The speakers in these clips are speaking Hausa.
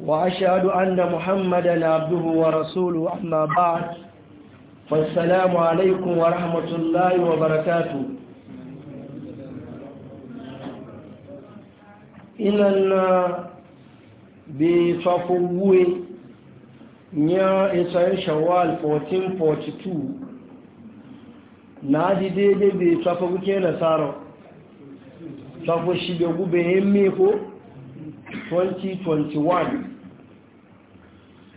وأشهد أن محمدا عبده ورسوله أما بعد فالسلام عليكم ورحمة الله وبركاته إننا بفقوه نيا إسرائيل شوال 1442 na ji daidai bai tafi kuke nasarar tafi shi da gube yin meko 2021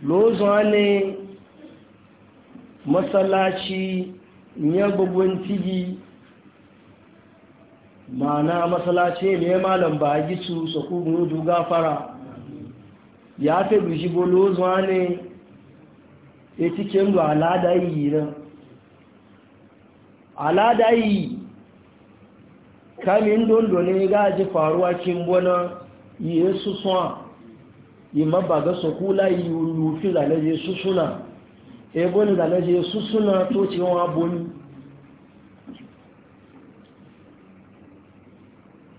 lóòzọ́ ne matsalaci ní agbogbo tigi mana matsalaci ne malam ba a gisu sakugun ojú gafara ya fi bishigo lóòzọ́ ní etikin da alada nan alada kamin dondo ne ji faruwa kin bona. iye susun a ima baga sokula ilufi lalaje susuna ebo ni lalaje susuna to ti wọn aboni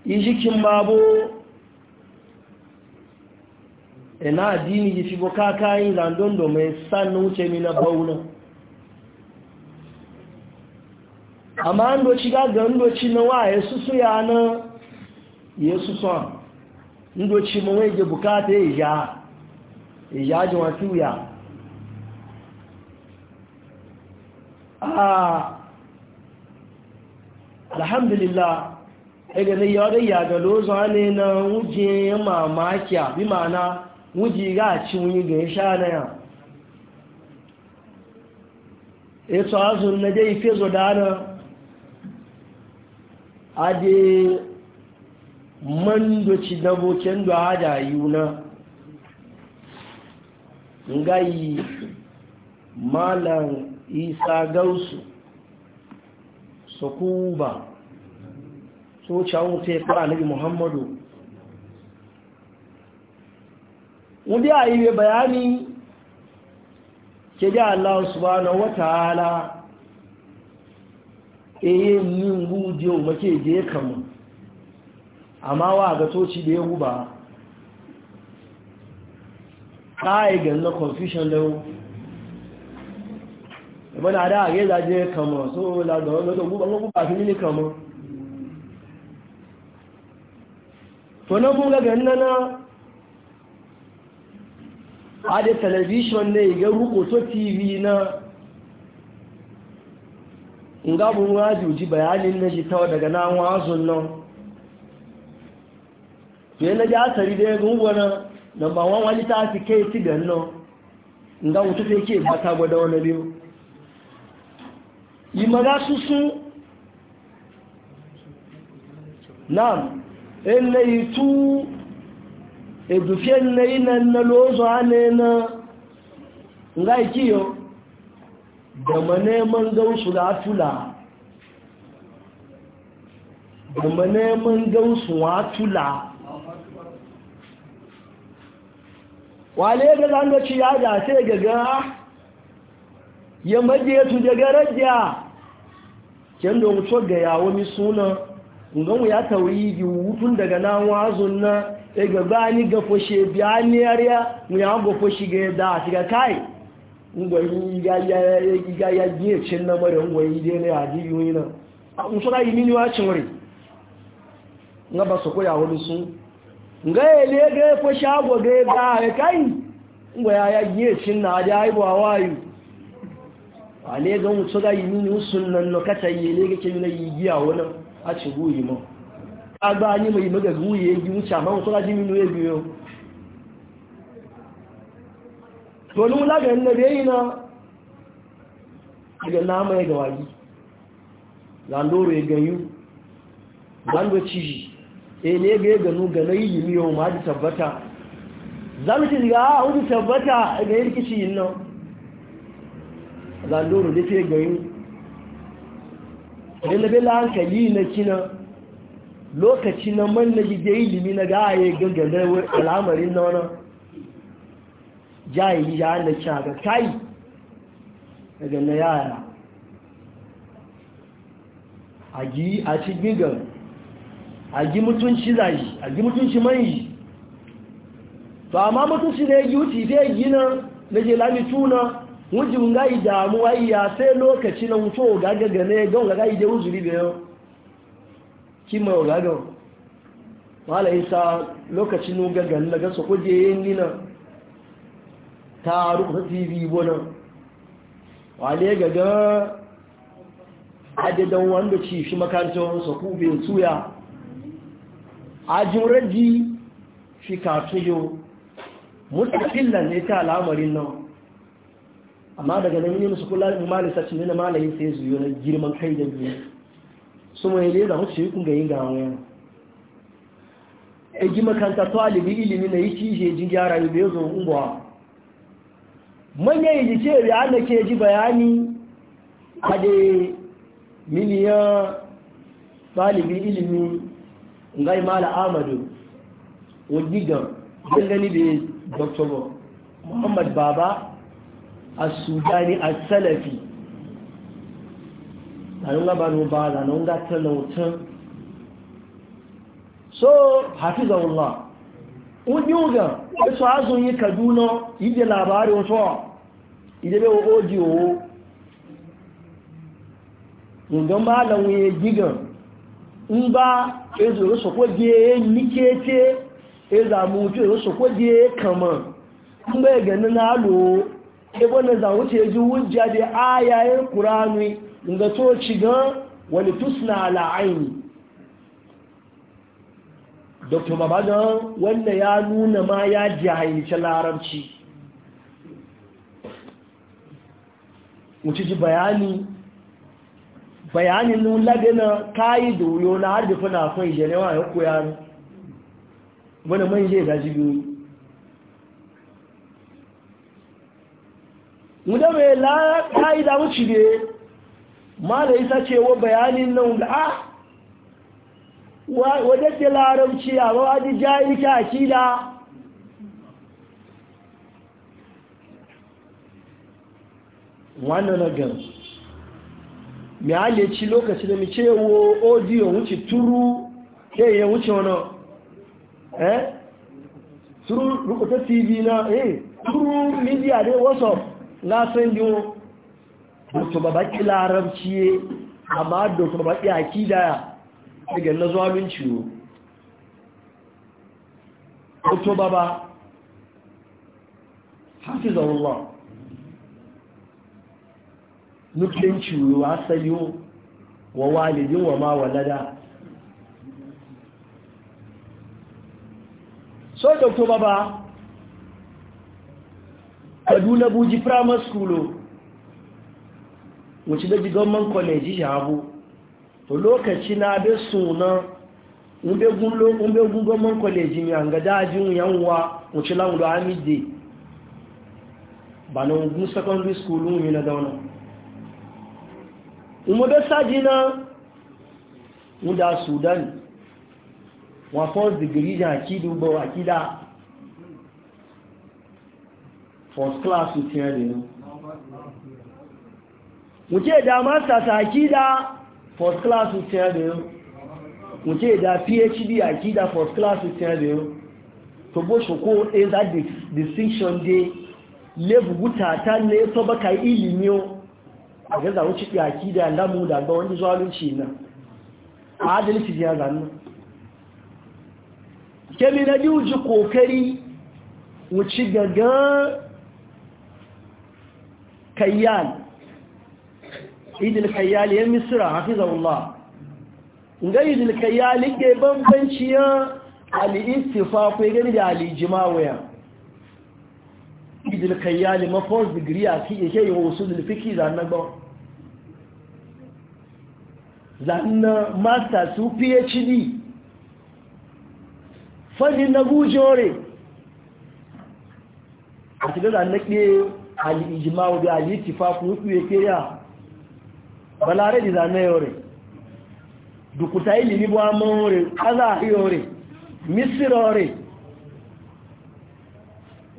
ijikin babo ina e adini yi fi bukaka yi landondo mai sannu wuce ni na baunan amma an doci gagarin doci na wa ya e susu ya na ya susu ndochi ma nwe je bukata ija ija ji wa tuya ah alhamdulillah ege ne yo de ya ga ne na wuje ma ma bi mana wuje ga ci wuni ga sha na ya e to azun ne dai mando ci dabo kendo hada yuna ngayi malan isa gausu sukuba so cawon te fara nabi muhammadu wanda a yi bayani ke da allah subhanahu wa ta'ala e ni ngu je mace make je kama amma wa ga toci da ya guba ƙa'ai ga na confusion lau ìbọn àdá àrí ìlàjẹ́ kàmọ̀ só lágbàrán lọ́tọ̀ gúgbà fi nílé kàmọ̀ tọ́nà fún gẹ́gẹ́ nnáná adé tẹlẹvíṣọ́n ní ìgẹ́ rúkò tó tv náà ń gábùn rájì òjì bayanin na shi tawa daga náà wọ́n azùn to yana ji asari da ya gungwana na bawan wani ta fi kai ti da nan nga mutu ta yake ba ta gwada wani biyu yi maga su su na'am in na yi tu edufiyan na yi nan na lozo hane na nga ikiyo da ma neman gausu da atula da ma neman gausu atula wale ga zangaci ya da sai gaga ya maje su daga rajya kyan da wuce ga yawo mi suna mu ya tauri yi wutun daga nan wazun na e ga bani ga foshe biya ne yariya mu ya go foshi ga da shiga kai ngwai ga ya ga ya ji cin na mare ngwai dai ne a dibi wina a usura yi mini wa cin wuri ngaba su ko yawo mi sun ga ile ga fa shago ga ga ya kai ngwa ya ya giye cin na da ai ba wayu ale ga mu tsoga yi ni sunnan no kata yi ile ga cin yi giya wona a ci guyi mo e agba ni mai maga guyi ya gi mu cha ma mu tsoga ji mi no ya biyo to nu la ga na dai na ga na mai ga wayi landoro ya ganyu lando ciji e ne ga ganu ga na yi yimi yau ma da tabbata za mu ci ga a wuce tabbata ga yi rikici yin nan zandoro da ke gani da na bela hankali na kina lokaci na man na gida ilimi na ga gangane al'amarin na wani jayi ya na ga kai daga na yara a ci a cikin a gi mutunci za yi a gi mutunci man yi to amma mutunci da ya gi wuce ta yi gina, na je lami tuna wujin yi damuwa iya sai lokaci na wuto gagaga ne don ga gayi da wuzuri da yau kima yau gagawa wala isa lokacin nugaga na gasa kuje yin nina ta rukuta tv bonan wale gaga adadin wanda ci shi makarantar sa kube tuya ajuraji fi katuyo mutakin ne ta al'amarin nan amma daga nan yi musu kula da mali sacin nuna na sai zuyo na girman kai da biyu su mai ne da mutu yi kun ga yin gawa yana e ji makanta talibi ilimi na yi kishe jin gyara yi bai zo unguwa manyan yi ce da ana ke ji bayani a da miliyan talibi ilimi ngai mala amadu wajigan gangani da dr muhammad baba a sudani a salafi zanen gabanin ba zanen gatar lautan so hafizahullah unyuga eso azun yi kaduna ije labari wato idebe oji owo ngan ba lanwe gigan in ba ezoro sokwo die nikete ezamutu ezoro sokwo die kama mgbe na halo ebe na zawuce ji wujja da ayayen kurani ga to cigan wani tusna ala aini dr babadan wanda ya nuna ma ya jahilci larabci wuce ji bayani bayanin nun lagana kayi doyo na har da fana son ijenewa ya koya wani man je da mu da mai la'ayi da wuce ne ma da isa wa bayanin nan da a ke larabci a ba wajen jayi ta akida wannan na gansu mi a le ci lokaci da mi ce wo odiyo wuce turu ke ya wuce wano eh turu rukuta tv na eh turu media dai whatsapp na san yi wo wato babaki larabci ye amma da wato babaki kidaya daga na zuwa min ciwo wato baba hafizahullah mutunci wa sayo wa walidin wa ma walada so da kuma ba kaduna buji primary school wacce daji ji kwaleji ya shahabu to lokaci na be suna nbegun government college mi an ga dajin yanwa wacce lamudu amide ba na ogun secondary school yi na daunan ìmọ̀dé sáàjì náà ń da Sudan wọ́n fọ́n dìgírí jẹ́ àkídùgbọ́ àkídà first class ti ẹ̀ nínú mo ce da masters àkídà first class ti ẹ̀ nínú mo da phd àkídà first class ti ẹ̀ tó bó ṣokó ẹ̀ distinction dé lébùgútà tán lé tọ́bọ́ka ilimi a wuce zawo yaki da lamu da ga wani zalunci na adalci ya ke kemi na biyu ji kokari wuce gaga kayyal idil kayyal ya misra hafizahullah ga idil kayyal ke Ali al-istifa ko gani da Alijima waya bilkayyali ma first degree a ki kí iṣẹ́ ìwọ̀ òṣùlù fíkì ìzànàgbọ́ zanna master su phd fadi na gujore a ti gaza na pe al'ijimawo da al'itifa kuma kuye ke ya balare da zanna yore dukuta ilimi bu amon re kaza yore misir yore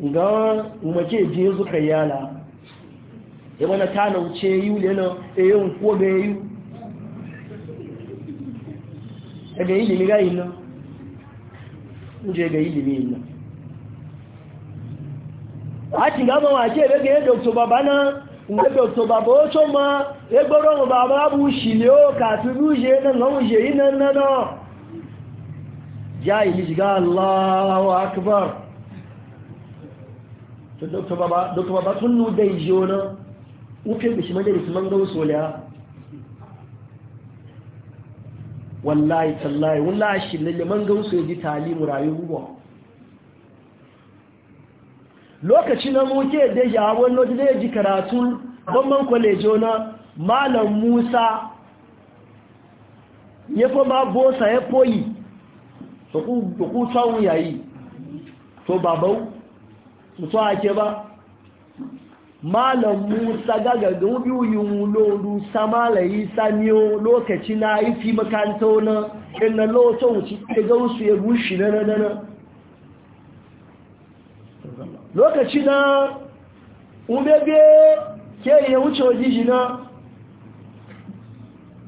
ga mace je zuka yana ya mana ta nauce yi lena eyin eh, ko ga yi daga ilimi ga yi nan je ga ilimi yi nan a ti gama wace daga yin doktor baba na nga doktor baba o so ma egboro baba bu shile o ka tubu je na ngawun je yi nan nan na ja ili shiga allahu akbar to dr baba dr baba tun nu dai jona uke shi majalis man gawo soliya wallahi tallahi wallahi shi ne man gawo so ji talimu rayuwa lokaci na muke da yawon lodi da ji karatu gwamnan kwalejo na malam musa ya fi ma bosa ya koyi su ku tsawon yayi to babau mutu ake ba malam musa gaga ga wubi yin lolu sama layi samiyo lokaci na yi fi makanta wani inda lokacin ci ta ga wasu ya gushi na na na. lokaci na umebe ke ya wuce wajiji na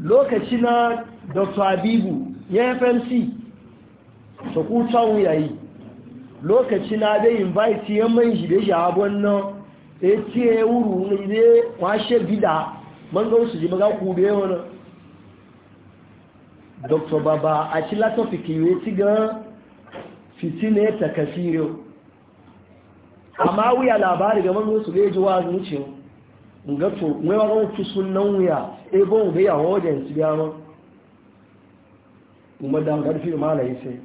lokaci na dr abibu ya fmc su kuta wuyayi lokaci na dai invite yan man shi da shi abon nan e tiye wuru ne ne kwashe bida man ga su ji maga ku be wona dr baba a ci lato fikiwe ti ga fitine ta kafiro amma wuya labari ga man su ga ji wa zuci ga to mai wa ga ku sunnan wuya e bon ga ya hojen su ga ma kuma dan garfi malai sai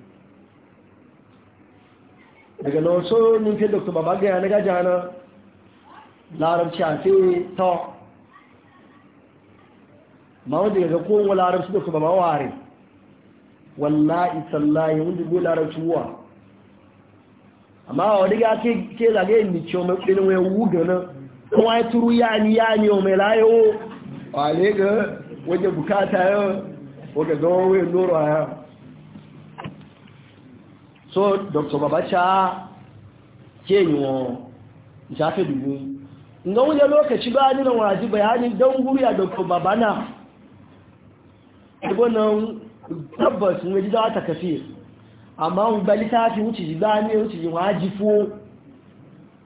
daga na wasu nufin dr babagaya na gaji hana larabci a fi ta mawa daga ya ga kowa larabci dr walla wallahi sallahi wanda go larabci wuwa amma wani ga ke zage ni ce mai kudin wai wuga na kuma ya turu ya ni ya ni mai layo wale ga wajen bukata yau wadda gawa wayan noro a yau so dr babacha kenyo jafe dubu nga wuje lokaci ba ni na waji bayanin don guriya dr babana ibonan tabbas ne ji za ta kafi amma mu bali ta fi wuce ji ba ne wuce ji waji fo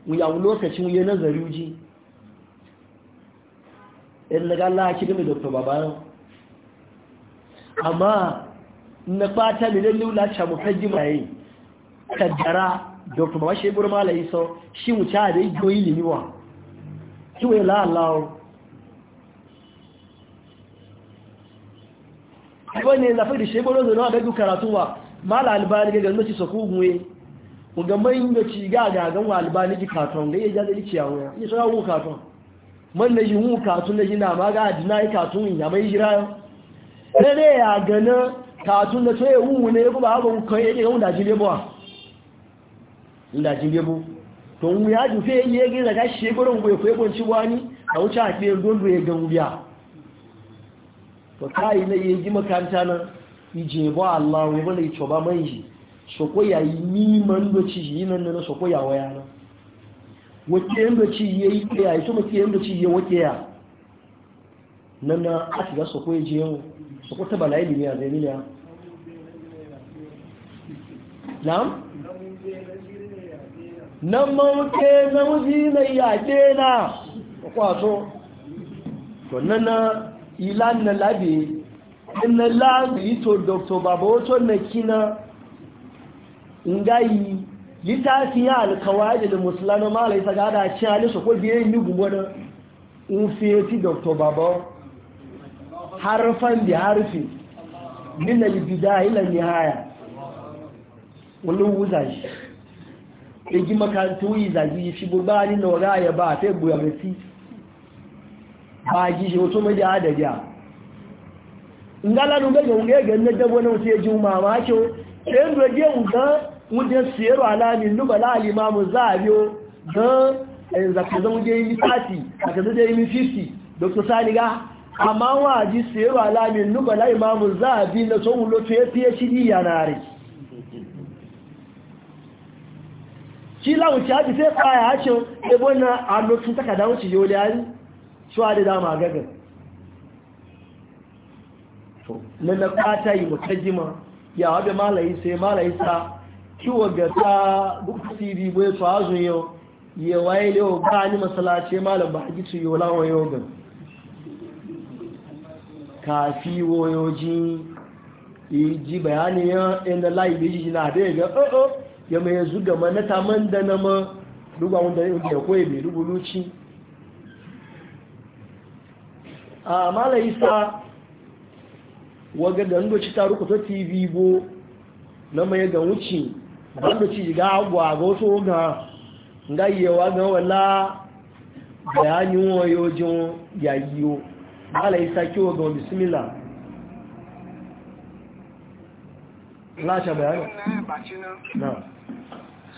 mu yawon lokaci mu yi nazari uji in na Allah ki gami dr babana amma na fata ne don mu shamu kan jimaye kaddara da kuma washe gurma la iso shi wuce da igoyi liniwa kiwe lalawo kiwe ne zafi da shebo rozo na abegu karatuwa ma la albani ga gano ci soku gwe ga yi da ci ga gagan wa albani ji karton ga iya jade liki a wuya iya tsara wuka karton man na yi wuka tun da gina ma ga adina yi karton ya mai jira Ne ne ya gana karton da tsoye wun ne ya ba haka wukan ya ke wun da ajiyar yabuwa ńlá jí lébó tó ń ji ájú fẹ́ yí ẹgbẹ́ ìrẹ̀ká ṣe gbọ́rọ̀ ògbò èkó ẹgbọ́n tí wá a pé gbọ́ndù ẹgbẹ̀ ń bíà tó káyí na yẹ jí makaranta na ìjì ẹ̀bọ́ aláwọ̀ ẹgbọ́n da ìtọ̀bá man yi sọkóyà yi ma nan na wọ́kẹ́ ń lọ́ci so ìpẹ́ àìsó mọ́kẹ́ ń lọ́ci yẹ wọ́kẹ́ yà nan na a shiga sọkóyà jẹun sọkó taba láìlì na'am nan mawuke namiji mai yake na kwaso to nana ilan na labi ina labi to dr babawoto na kina ngayi litafi ya alkawai da musulman mala isa gada da ci halisu ko biye ni fiye unfiyeti dr baba harfan da harfi min albidaya ila nihaya wani wuza egi makaranta wuyi zagi shi gbogbo ni na wara ya ba fe gboya resi ba gi shi wato mai da adadiya ngala nu ga yonge ga ne da wannan sai ji mama ce sai ndo je unga wuje siyaro alani nubala alimamu zabiyo ga za ka zama je yi 30 aka zama je yi 50 dr saniga amma waji siyaro alani nubala imamu zabi na son wulo to ya fiye shi yana rike shi wuce haji sai tsaya hacin ebo na taka da wuce yau da yari shuwa da dama gagar na na kata yi mutajima ya wabe malayi sai malayi sa kiwo ga ta buku tv bai su hazu yau ya waye yau ba ni masalace malam ba haji su yau lawan yau gan kafi woyoji yi ji bayanin yan layi bai na da ya ga oh ya mai zuga ma na taman da na ma duba wanda ya koyi mai rubuluci a mala isa waga da ndoci ta rukuta tv bo na mai ga wuce ba ndoci ga agwa ga wasu ga ngayewa ga wala bayanin wayojin yayiyo mala isa kiwo ga bismillah láṣà bẹ̀rẹ̀ náà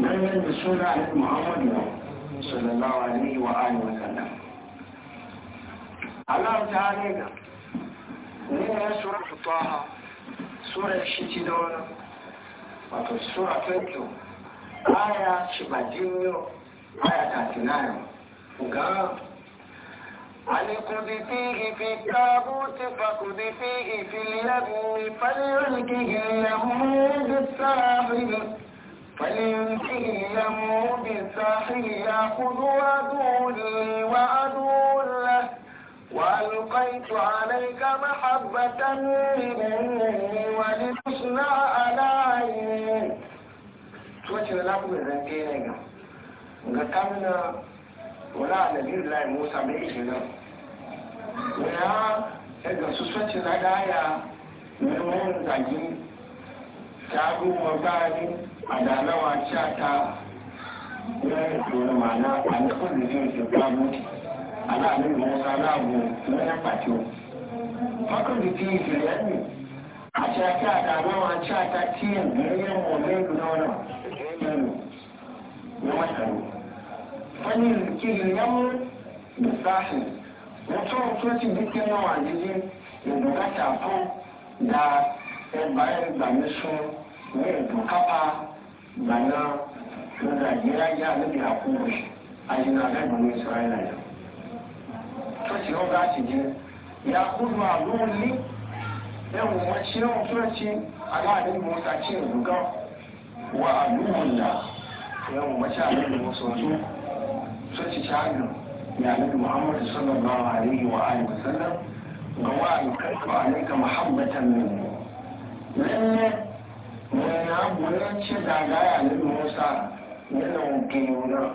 من يلبسون عهد محمد صلى الله عليه وآله وسلم الله تعالى من سورة الطاها سورة الشتي وفي سورة فنتو آية شبادينيو آية aya وقال ga ألقد فيه في التابوت فقد فيه في اليم فليلقه اليم بالساحل فإن قيل بالتحية خذوا عدولي وعدول له وألقيت عليك محبة مني ولتصنع على عيني توجه لكم الرجال ga kamina wala anabiyar lai musa mai ishe nan waya daga su swace na daya mai adaalawa shata ya tsoron mana a na kwanne zai su babu ana abin da wasa na abu na ya fato makon da ke yi filayen a shata adaalawa shata tiyan ganyen mole guda wani na matsaro fannin kiriyan misali mutum tocin dukkan yawa jiji da bukata fun da ẹgbàá ẹgbàá mẹsùn ní ìdúkápá mana kada gira ya nabi yakubu a yi na gani wani isra'ila ya to ci yau ga ci gina yakubu a lulli ya wuwa ci yau turaci a ga adin musa ci ruga wa a lullulla ya wuwa ci a nabi musa wato turaci ci hannun ya nabi muhammadu sallallahu alaihi wa alihi wasallam ga wa'ayi karfa alaika muhammatan min lalle na gbìyànjú gàgáyà nínú Musa nínú òkèèrè náà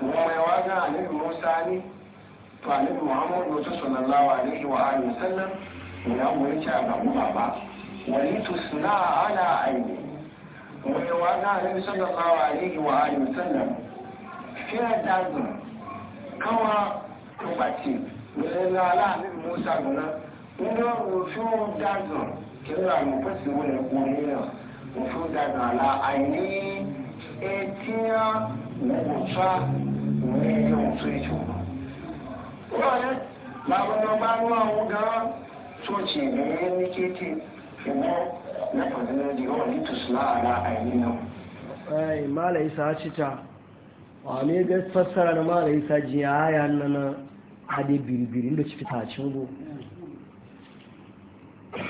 wọ́n mẹ́wàá náà nínú Musa To tàbí Muhammadu tó sọ̀nà láwà ní ìwà àyè sẹ́lẹ̀ ìyá gbìyànjú àgbàmú bàbá wọ́n yí tó sì a àlà àyè mẹ́wàá náà nínú sọ̀nà láwà ní ìwà àyè sẹ́lẹ̀ fíẹ́ dàgbà káwọn tó bàtì mẹ́lẹ́ láàlá nínú Musa gbọ́nà nínú òfin dàgbà kira mufassirun yaquluna wujudan ala aini etia wubusa wẹẹyẹ wusiritu wọlé màbọlọ bá ń wá wọn gan sọọchì ẹyẹ ní kété ẹgbẹ lẹfọdúnrẹ di wọn ní na ala aini náà. ma mala isa cita wane ga fassara na mala isa jiya ya a ade biribiri da ci fitacin go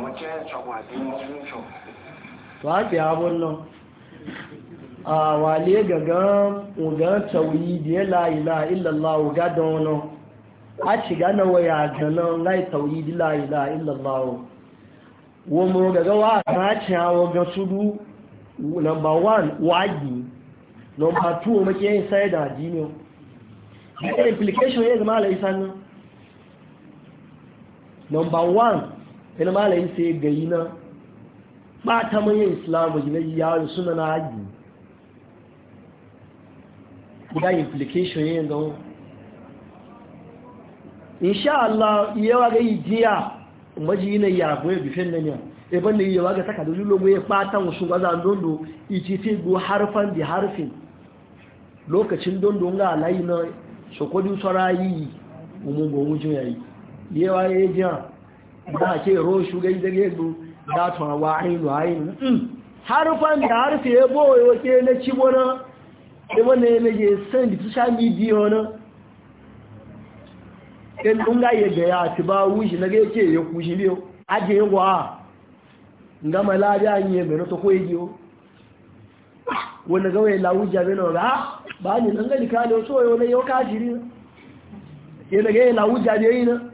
mo jẹ́ abun nan a wale gagan ugan tauyi da ya la ila illallah uga don wani a shiga na waya ganan lai tauyi da la ila illallah wo mo gaga wa ta ci hawa ga sudu number one wagi number two make yin sai da jini implication ya zama ala isa nan number one ina malayin sai gayi na ɓata manyan islamu na yawon suna na haji guda implication yin don insha Allah yawa ga ijiya maji na yago ya bifin na niya ebon da yawa ga saka dole logo ya ɓata wasu gaza dondo iji ce go harfan da harfin lokacin dondo ga alayi na sokodin sarayi umugun wujin yi yawa ya yi jiya da ke roshu gai da gedo da tuwa wa ainu ainu mm. harufan da ya boye na ci wani ɗiba ya yanayi san da tusha midiyo na ɗin ɗunga yadda ya ci ba wushi na gaike ya kushi biyo ajiye wa gama labiya yi mai wanda ah, ya lawuja na ba ba ne gani ka lawuja yi na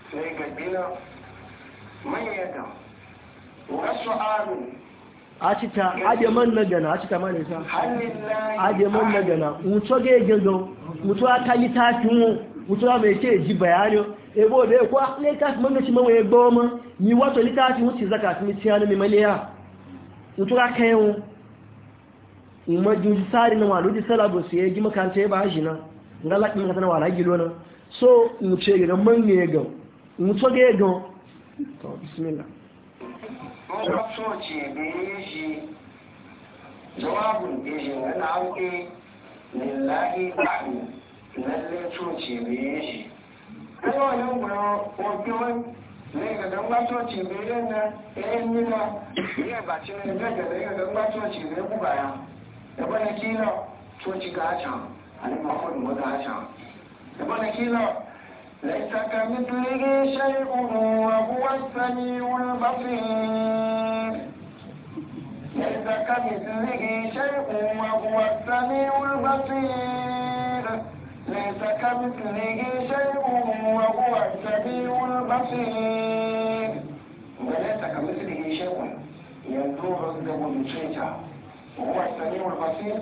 sai ga biya manyata wasu aru acita aje man na gana acita ma ne aje man na gana mutu ga gado mutu aka yi tafin mutu ba mai ce ji bayani ebe obe kwa ne ka man ga ci man goma ni wato ni tafin wuce zaka fi mi tiyana mi maliya mutu ga kai mu umma juji sari na walu di salabo su yi makaranta ya ba shi na ngala kin ka tana wala gilo na so mu ce ga man ne ga ń tó gé gan tọ́ bisimilá. wọ́n sọ̀tì ẹ̀bẹ̀ yìí ṣe jawabu ìbéèrè náà yìí ẹ̀rọ yóò gbọ́ náà ẹ̀ ẹ̀bọ́n kí náà ليس كمثله شيء وهو السميع البصير ليس كمثله شيء وهو السميع البصير ليس كمثله شيء وهو السميع البصير وليس كمثله شيء يدور عنده الشيطان وهو السميع البصير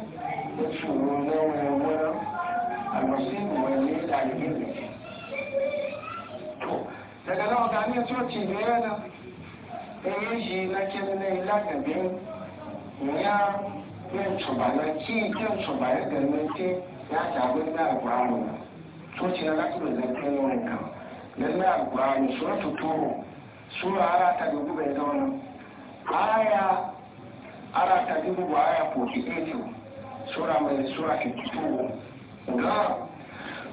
يكشف له البصير ويزيد على جلده daga nan ga ne coci da yana ɗaya shi na kin na ila da biyu ya yin tubana ki yin tubana da nake ya tabi na gwaro coci na lati da zai kai yawan kan dan na gwaro suratu turo sura ara ta gbogbo ẹ̀dá wọn aya ara ta dubu aya 48 sura mai sura 52 ga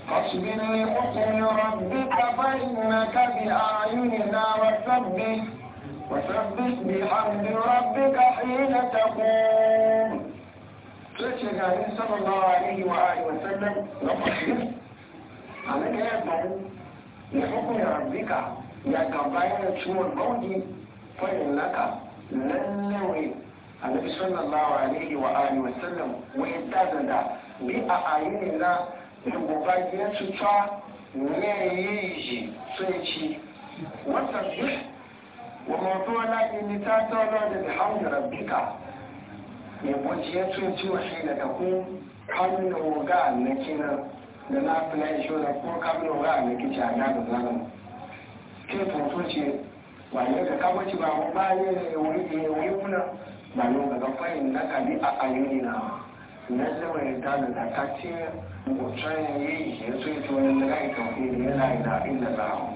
فاصبر لحكم ربك فإنك بأعيننا وسبح وسبح بحمد ربك حين تقوم فشك عليه صلى الله عليه وآله وسلم لقد على كيفه لحكم ربك يا كبائر شو الموت فإنك لن نوي النبي صلى الله عليه وآله وسلم وإتازد بأعيننا ya cuta neyeji ci wata biyu wa mafi wala ini ta tsoro da hanyar rabbika ya buci ya tsoci wa shi daga ku kamino ga na kina da na fila ya shoda ko kamino ga na kici a gada zama ke tuntun ce ba ne ka kabaci ba mu ba ne wuri kuna ba ne ga da ka bi a ayyuri na 你还认为他的他接我穿越以前最初的那一种一年来的一直老，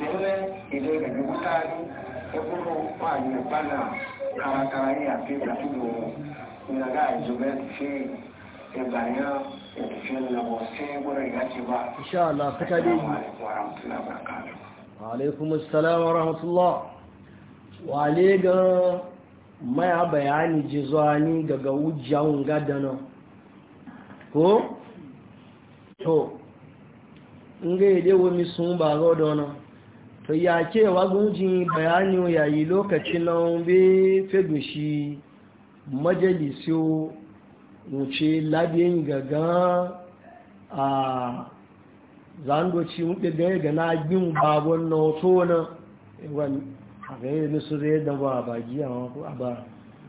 因为一个人不单，也不如把你办了，卡拉卡拉也给他去做，那个就别去，也白了，也去了我先过来一个计划。ان شاء الله فتادي وعليكم السلام ورحمه الله وعليكم maya bayani ji zuwa ni daga wujan gadana ko? to nga ile wani sun ba na to ya ke wagunji bayani yayi lokacin nan be shi majalisi wuce labiyan gaga a zandoci wuɗe gaya ga na yin babon na wato na e àgbẹ̀yẹ ló sórí ẹ̀dánwò àbàjí àwọn àbà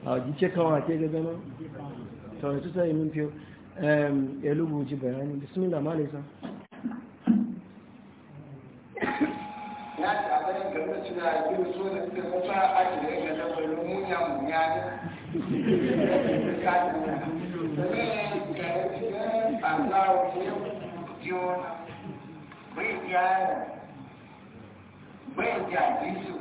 àwàjí tí kan àti ẹgbẹ́ náà tọ̀rọ̀ tó sẹ́yìn ní pé ẹlúgbù ti bẹ̀rẹ̀ ní bisimilá má lè san. Bai ya bai ya jisu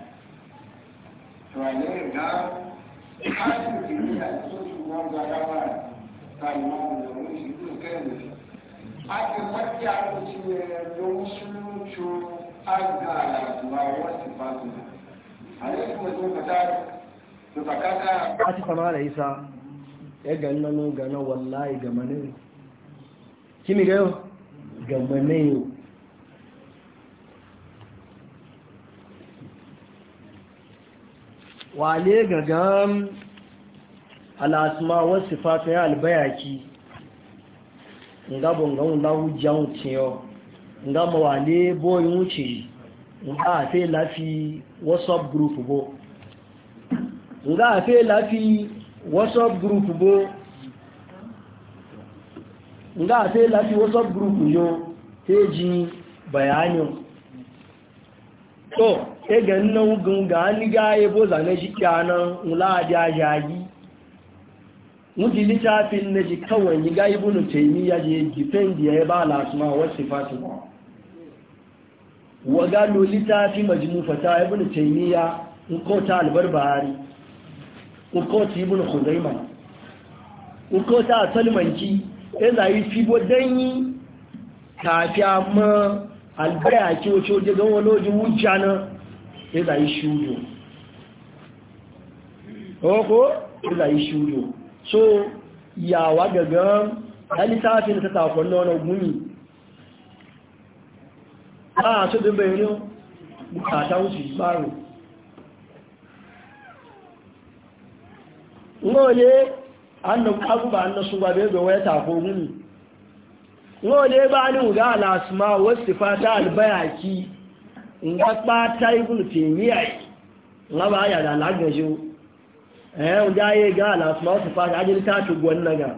So I laid down. I could do that. So she won't go down. Tá irmão, eu não entendo. Aqui, aqui, aqui, eu sou agara ma wasu fasu alaikum wasu fata to fakata ati fama da isa ya ganna no gana wallahi gamane kimi ga yo gamane yo wale gagan al'asma wasu fata ya albayaki nga bongan lahu jaun tiyo nga mawale boyin wuce nga afe lafi whatsapp group bo nga afe lafi whatsapp group bo nga afe lafi whatsapp group yo teji bayanin to sai ga nan gunga ni ga yabo zane shi kyanan mula da yayi muji littafin na ji kawai ni ga ibn taymiya je defend ya ba al-asma wa sifatu wa ga lo littafi majmu fata ibn taymiya in ko ta al-barbahari in ko ta ibn khuzaimah in ko ta salmanki sai e zai fibo danyi fi amma àgbẹ́ àti oṣù ojégán wọn lójú wújáná ìlà ìṣúdò ọkọ́ ìlà ìṣúdò so yàwà na alítàfin tàtàkọ̀ A so láà tó dẹ̀ bẹ̀rẹ̀ bukatan su gbárò ngọ́ọ̀lẹ́ annan agbúgbà annan su gbàbẹ́ gbẹ̀wẹ́ tàkọ̀ gúnmì wọ́n bá ní ọ̀gá aláàsùmá wọ́n sì kí albayaki nga pátá tí tèmí àyí lábá yàrá lágbàjò ẹ̀yẹn ayé gá aláàsùmá wọ́n sì fata ajínká tó gbọ́n nága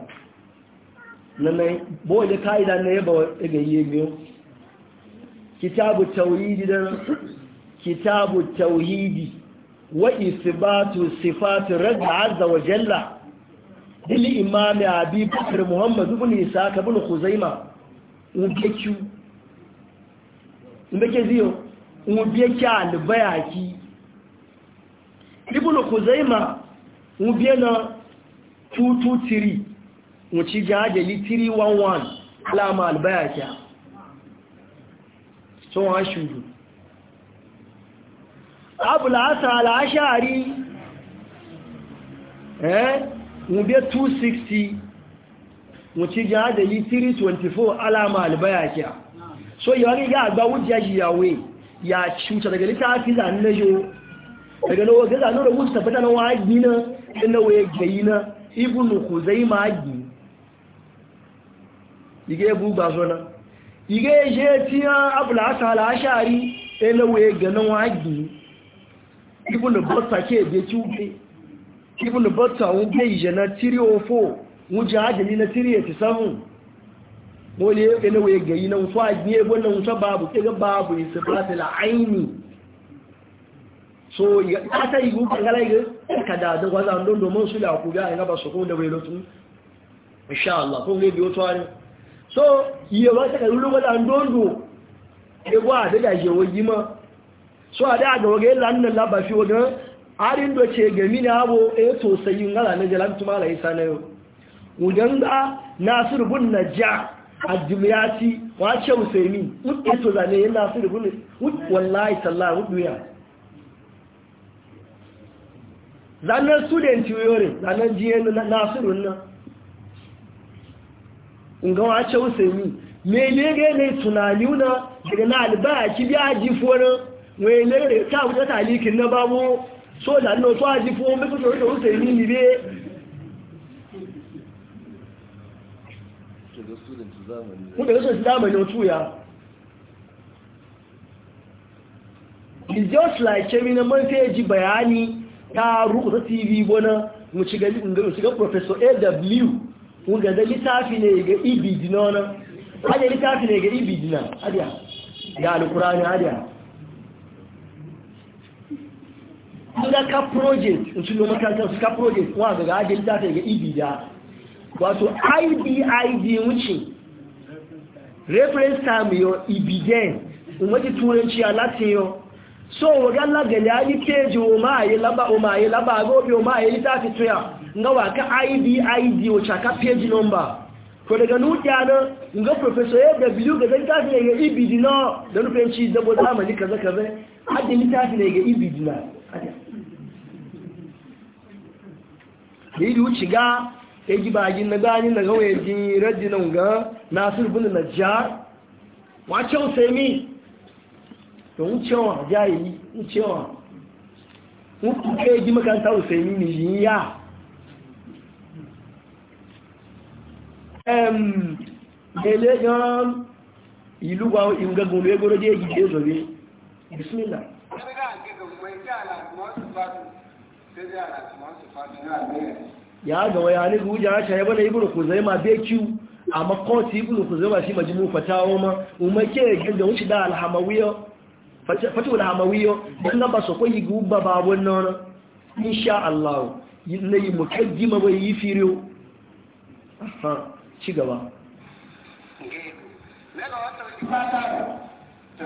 nana bóòdé káìdá na yaba ẹgbẹ̀ kitabu tauhidi sifatu dili imami abi bakar muhammad ibn isa ka bin khuzaima ubekiu ubeke ziyo ubeke albayaki ibn khuzaima ubena 223 wuci jajali 311 alama albayaki sun wa shudu abu la'asa al'ashari eh mube 260 mu ci yi 324 alama albaya kiya so yawari ga agba wujiya jiyawe ya cuta daga fi zanen na jo daga nawa ga zanen da wuce fata na wagi na ina waye gayi na ibn kuzai magi ige ya buga zona ige ya je tiya abu la'asa al'ashari ina waye ganin wagi ibn bata ke bai ci ibn batta wọ́n gbé na 304 wọ́n jẹ́ ajẹ́lì na 387 wọ́n lè ẹlẹ́wẹ̀ gẹ̀yí na wọ́n agbẹ́ ẹgbẹ́ na wọ́n báàbù kẹ́gẹ́ báàbù ìsẹ̀fẹ́lá àìní so ta yi gúkú ngala yi ka da da gwaza don domin su da ku ga ina ba su ko da bayyana tun insha Allah biyo so yi ba ta kalu gwaza don do e gwa da da je wogi ma so ada ga wage lan nan harin do ce gami na abu e eh, to sayin ngala na jalan tuma la isa na yau wujan da nasir bin najja addumiyati wa ce usaimi wuce to zane yin nasir bin wallahi sallahu duniya zanen student yorin zanen jiyan nasirun nan nga wa ce usaimi me ne ga ne tunani na daga na albaya ki biya jifuwar wai ne ta wuce talikin na babu sóòjà ní oṣù àjí fún mẹ́kúnṣe oríṣẹ́ oríṣẹ́ ní ilé múkẹ̀ lóṣù ìsìláàmù ni ó tú ya it's just like kemi na manteji bayani ta rukuta tv bona mu shiga professor aw mu ga da ga ibidina wani hajji littafi ne ga ibidina hadiya ga alkurani hadiya ka project in lo makarantar suka project wa daga ajiyar ta daga ibi e da wato ibid wuce reference time yo ibiden e in waje turanci a latin yo so waga lagali a yi keji o ma yi laba o ma yi laba a agobi o ma yi litafi tuya nga ka ibid o ka page number ko daga nudiya na nga professor ya w ga zai tafi ne ga ibidi e na da nufin ci zabo zamani kaza kaza hadin litafi ne ga ibidi na yi shiga, ga ya gi bagin na gani na gawa ya ji rajinan ga nasir bin najjar wace sai mi to wucewa jayi wucewa wuce ya gi makanta usaimi ne yi ya em ele gan ìlú wa ìgbẹ̀gùn ló ẹgbẹ̀rẹ̀ jẹ́ ìgbẹ̀ ìzọ̀rẹ̀ bismillah ya ga wayani huja ya shaye bane ibnu kuzaima be kiu amma ko ti ibnu kuzaima shi majmu fatawo ma ke ganda wuce da alhamawiyo fatu alhamawiyo dan ba so ko yigu ba ba wannan insha Allah nayi mukaddima bai yi firiyo ha ci gaba ne ga wata ta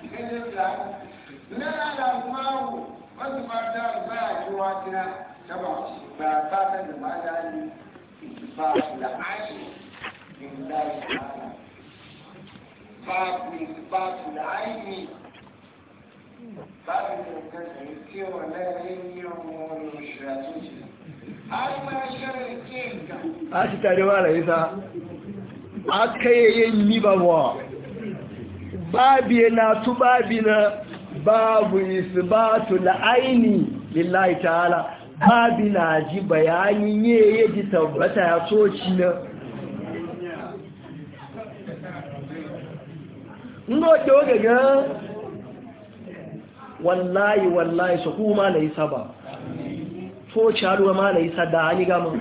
لا الله بس ما دار ما جواتنا تبع باقات المال اتفاق العين لله تعالى باب اثبات العين باب التزكيه ولا يوم الشرطيه a ci tare wa raisa aka yayin ni ba wa babi na babi na babu isbatu la'aini lillahi ta'ala babi na ji bayani ne ya ji tabbata ya soci na nnoke oge ga wallahi wallahi su ma na isa saba. soci haruwa ma na sada da ani gama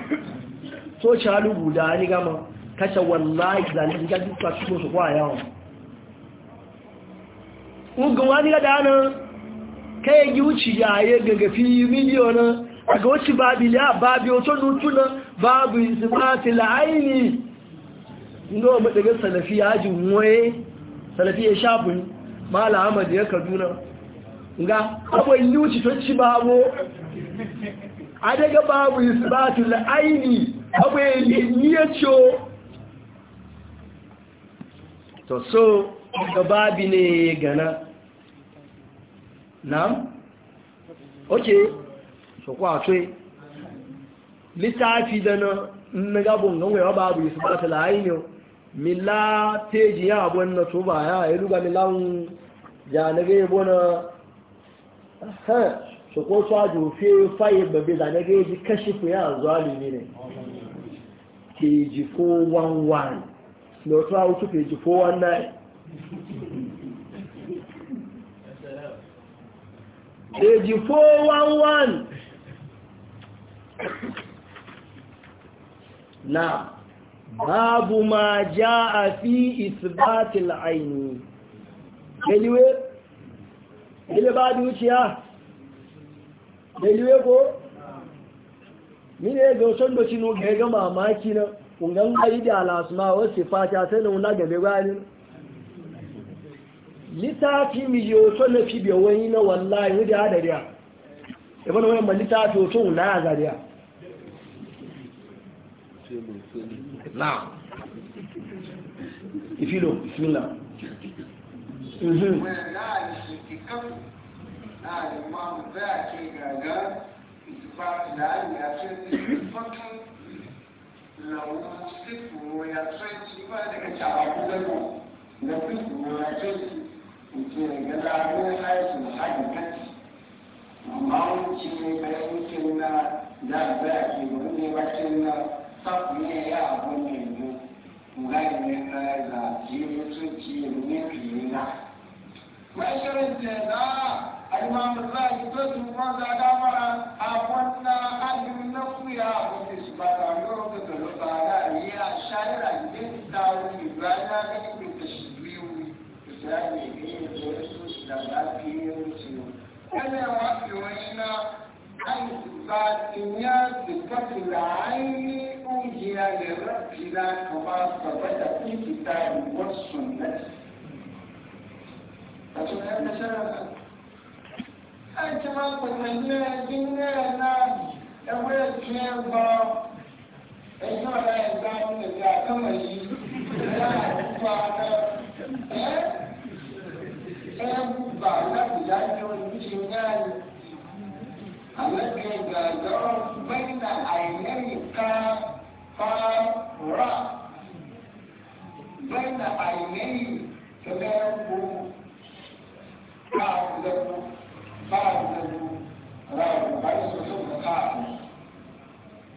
soci harubu da ani gama kashe wallahi da ni ga duk su kwa yawon ugun wani gada nan kai gi wuci yaye gagafi miliyonan a ga wuci babi ya babi wato nutuna babu ismati la'aini ndo mu daga salafi ya ji waye salafi ya shafin mala ahmad ya kaduna ga abin wuci to ci babo a daga babu ismati la'aini abin niyacho to so daga babi ne gana na ok so kwa ce littafi da na gabon ganwaiwa babu su ba ta mila teji ya abuwa na tuba ya yi ruga milan janage yabo na ha ko su ajo fiye faye babe zanage ji kashifu ya zuwa ne keji 411 otu a tó keji 419 Page 411. Na babu ma ja'a fi isbatil aini. Eliwe? Ele ba dukiya? Eliwe ko? Mine ga son da shi no ga mamaki na. Ungan ga ida al-asma wa sifata sai na wala gabe gani. littafi miyoto na fi wani na wallahi wuda ya dariya ibn wani ma littafi hoton na ya dariya na ifilo bismillah mhm ce daga zaɓin haisun haƙiƙat amma wani ce bayan kin na za a ke wani ne bakin na sabu ne ya abu ne ne ngai ne na za ji mutunci ne fiye na. Mashirin ce za a yi yi to su ma za a damara a wannan alimin na kuya a wani su ba da lokacin da ba da yi a shayar a gidan da wani bayan ya gani da shi biyu da shi جمعته رسله أنا وحيوينا عن باطنيات بكفر العين أوجي لربنا كما ثبت في كتاب والسنة أتوقع أن شرفا أنت ما تتمنى جنانا أول كيربا أيها الأعزاء من الأعزاء كما يجب لا أعزاء sabe falar de lado emocional. A letra da dor vem da aineca para Vem da aineca para o carro do carro do carro. Vai ser o seu carro.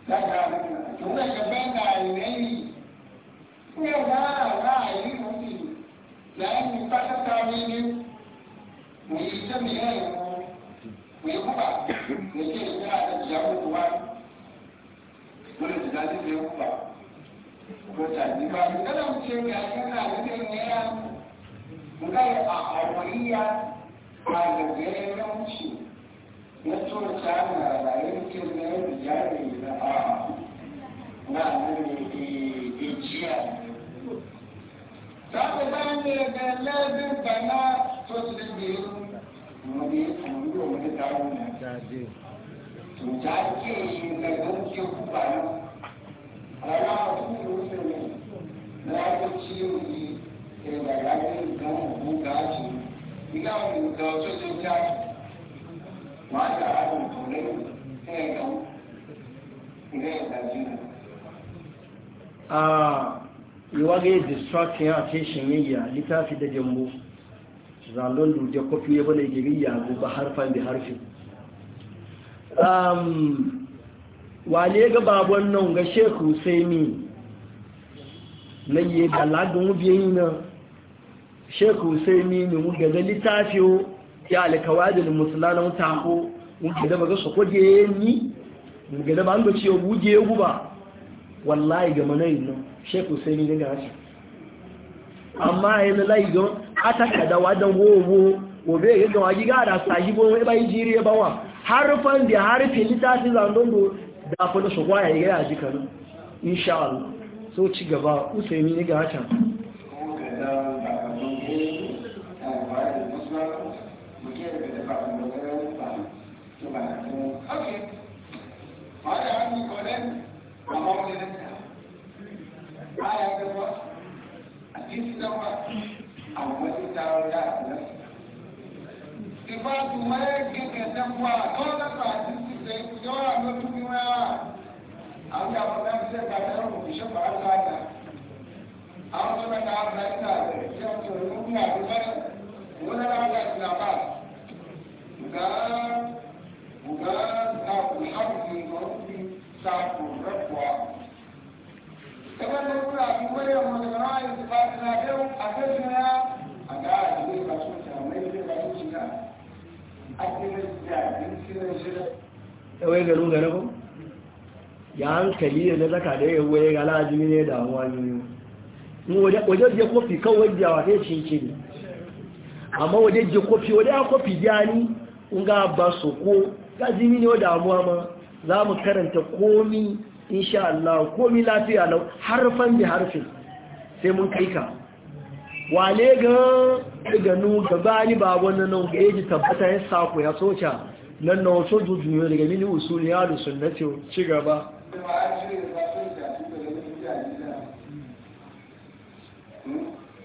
Da carro. Tu não é que vem da aineca. Não é nada, não é isso. Não é que passa para mim. Não mu yi ta menene mu yi kuba da ke yana da jawo kuwa wani da zaji da ya ko ta ni ba mu kada mu ce ga na da ne ya mu ga a auriya ba da gare ya wuce ya tura ta na rayuwar ke na ya na a na nan ne ke jiya. Za ku zama da lalabin bana tó ti di mune to to ta wa ga ku to ne e zalon duje kofi ya bane giri yago ba harfan da harfin wane ga babon nan ga sheku sai mi na yi da ladin biyayi na sheku sai mi ne wuga da littafi ya alkawadin musulanan tako wuga da baga sokoje yi wuga da ba an ga ciwo ya guba wallahi ga manayin nan sheku sai mi ne ga amma yana layi don da wadan wowo wobe yadda wagi gara sahibo bai jiriye bawa harfan da harfi litafin zandondo da fa da shugwa ya gaya jikan insha Allah so ci gaba usaimi ne ga hata Thank you. àwọn títa ọjà àná. ìfọ́tù mẹ́rẹ́ kéèké sẹ́kù à tó lẹ́kọ̀ọ́ àti títẹ̀ ìkùjọ́ wà lójú bí wọ́n wà. àwọn àwọn náà ṣe gbàgbé ọ̀rọ̀ ìṣèkọ̀ àti àjà. àwọn tó bẹ̀rẹ̀ náà bẹ̀rẹ̀ níta rẹ̀ ṣé o tó ló ní àdúgbò òun náà wà láti nàbà. ǹgá ǹgá nàkùn hàbùkù ìmọ̀ ń fi sàkùn rẹ̀ pọ̀ kamar da kura bi wani yamma da rawa yin su fata na yau a kan suna a ga a jini ba su ta mai ne ba su shiga a cikin jami'in cikin shiga ya wai garu gane ba ya hankali da na zaka da yawa ya gala jini ne damuwa ne wajen je kofi kan wajen wa ya cince ne amma wajen je kofi wajen ya kofi gani in ga ba su ko ga jini ne wa damuwa ma za mu karanta komi insha Allah komi lafiya lau harfan bi harfin sai mun kai ka wale ga ganu bani ba wannan nan ga yaji tabbata ya sako ya soca nan na wato jujuyo daga mini usuli ya da sunnati ci gaba ya yi.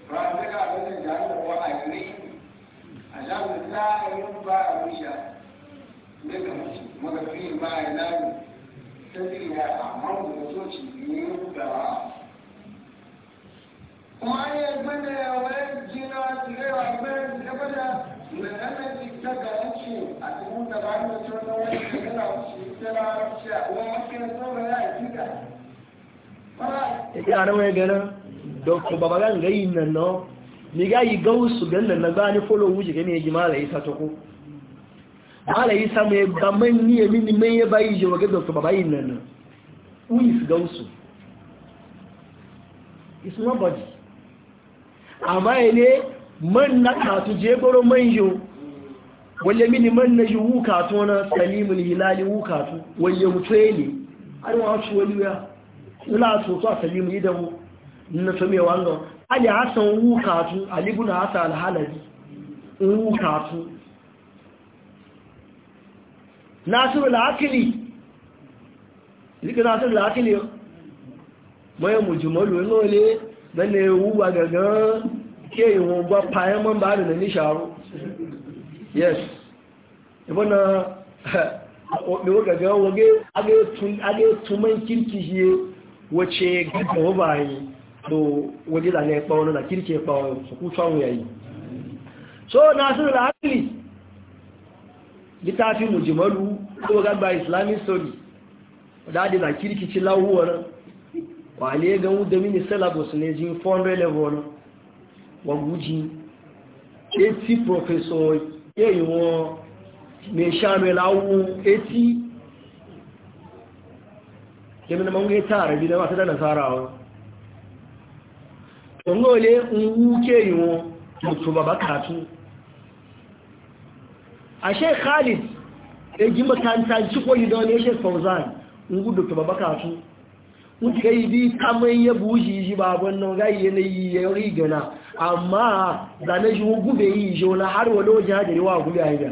ba a ga daga magafi ba a sẹ́kìlá àwọn ya ti ní ìgbà wa. Wọ́n á yẹ gbẹ́dẹ̀ ọ̀rẹ́ jìnnà tìlẹ̀ ọ̀gbẹ́ ìdẹ́gbẹ́dẹ́ lẹ́gbẹ́ ti dàgbà ẹ̀kí àti mú dàgbà gana, bala yi samu ya ba manyi mini mai ya bayi je waga da su ba bayi nan uyi su gansu it's nobody amma ya ne man na katu je goro man yo wale mini man na ji wukatu na salimul hilali wukatu wale mutu ne an wa su wani ya ila so to salimul idan mu na to me wanga ali hasan wukatu ali bin hasan al-halabi wukatu nasiru la'akili zika nasiru la'akili yau mayan mujimalu lole mana ewu wa gangan ke yiwu gba payan man ba da na nisharu yes Ebe ɗewa gangan wage agetuman kirki shi ga gaggawa bayan to waje da ya kpawo na kirki ya kpawo su kusa wuyayi so nasiru la'akili littafin mujimalu ko gaba islamic story da da na kirkici lahuwar wale ga wuda mini syllabus ne jin 400 level wa guji 80 professor yayi wọn me shanu lawu 80 kemi na mangai ta arabi da masu da nasarawa tongole a sheik khalid ya gi makanta ci koyi da wani sheik fauzan in gudu ta babaka su muka yi bi kamar ya buji yi babon nan ga yi ya yi gana amma zane shi gube yi shi wani har wani wajen hajjari wa guya ya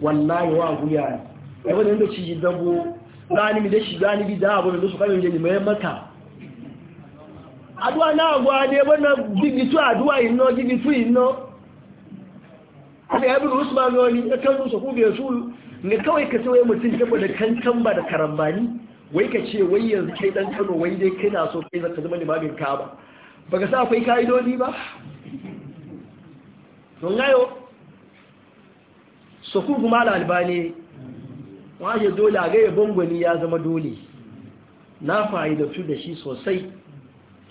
wallahi wa guya ya wani yadda ci dabo gani mi da shi gani bi da abu da su kamar jini mai mata aduwa na agwa ne wannan gigitu aduwa ino gigitu ino kuma ya bin usman wani ya kan nusa ku su ne kawai ka sai wai mutum saboda kankan ba da karambani wai ka ce wai yanzu kai dan kano wai dai kai na so kai zaka zama limamin ba ka sa akwai ka'idodi ba don gayo su kuma da albani wajen dole a gaya bangoni ya zama dole na fa'idatu da shi sosai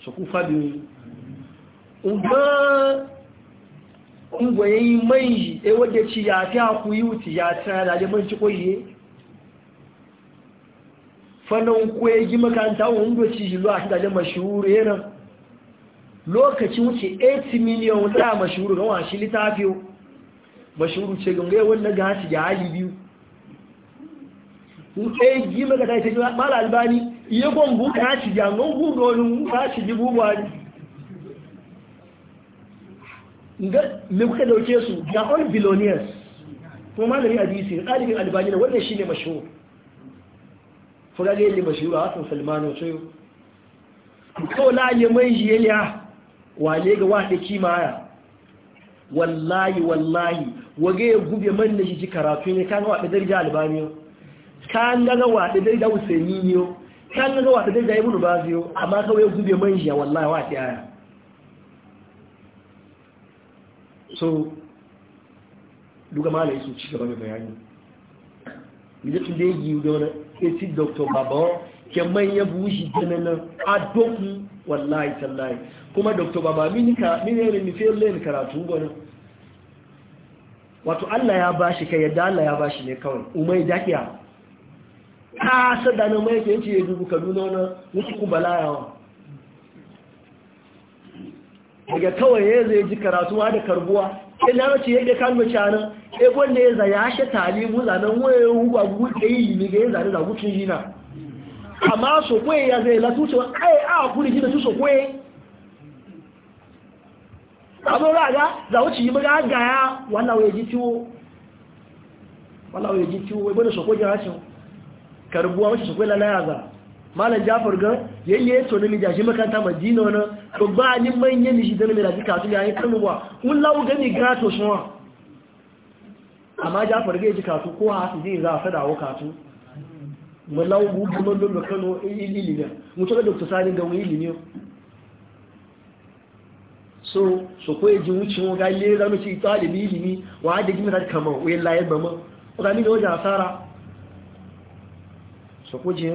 su kufa biyu ngwayen mai e wadda ci ya fi haku yi wuti ya na da jaman ci koyi fanan kwaye gi makanta wanda ci jilo a da jaman shuru yana lokacin wuce 8 miliyan da mashuru ga washi littafi mashuru ce gangaye wanda ga ci ga hali biyu kwaye gi makanta ita ji mara albani iya gwambu ka ci jangon gudu wani ka ci ji bubuwa ne me kuka dauke su ga all billionaires kuma malami hadisi ɗalibin albani da wannan shine mashhur fulani ne mashhur a wasu salmano sai ko la ya mai jiyeliya ah, wale ga wa dake maya wallahi wallahi wage ya gube man na shi karatu ne kan wa da darja albani kan ga wa da darja usaini ne kan ga wa da darja ibnu baziyo amma kawai gube man jiya wallahi wa ta aya so duka malaye su ci gaba da bayani littafin da ya yi da wani esi dr babawa ke manya bushi jananan adoku wallahi tallahi kuma dr baba minirin nufiyar layin karatu wani wato allah ya bashi kai yadda allah ya bashi ne kawai umai dakiya ta sadanin mai ke yanci ya dubu kaduna wani wasu kubala yawa daga kawai ya zai ji karatuwa da karbuwa ya larabci ya ɗe kalmar canan ya gwanda ya zai ya shi talibu zanen waye huwa guɗe yi ne ga yin zane da gucin jina amma so kwaye ya zai latu cewa ai a kuri jina su so kwaye abin raga za wuce yi maga gaya wannan waye ji tiwo wannan waye ji ciwo wai bane so kwaye rashin karbuwa wacce so kwaye lalaya za malam jafar gan yayye ya tonu mi jashi makanta madina to ba ni manyan ni shi dana mai rafi kasu yayin kanuwa un lawo gani gato shi wa amma jafar gai ji kasu ko ha su zai za a sadawo kasu mu lawo gugu man lullu kano eh, ilili ne mutu ga dokta sani ga wani ilimi so so ko ji wuce ga le zanu ci talibi ilimi wa hada gimi da kama wayan layar bama ko da ni da wajen asara so ko je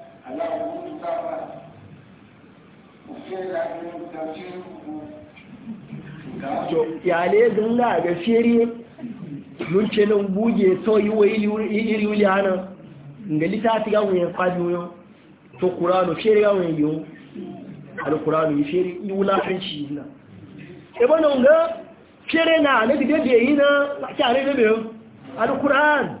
على وجود الكعبة وفعل من تفسير to yale zanga ga fere yunce nan buge so yi wa iri wuli hana ga littafi ga wuyen fadi wuyen to kur'anu fere ga wuyen yiwu alkurano yi fere yi wulafin shi na ebe nan ga fere na na dige biyayi na kyare da biyu alkurano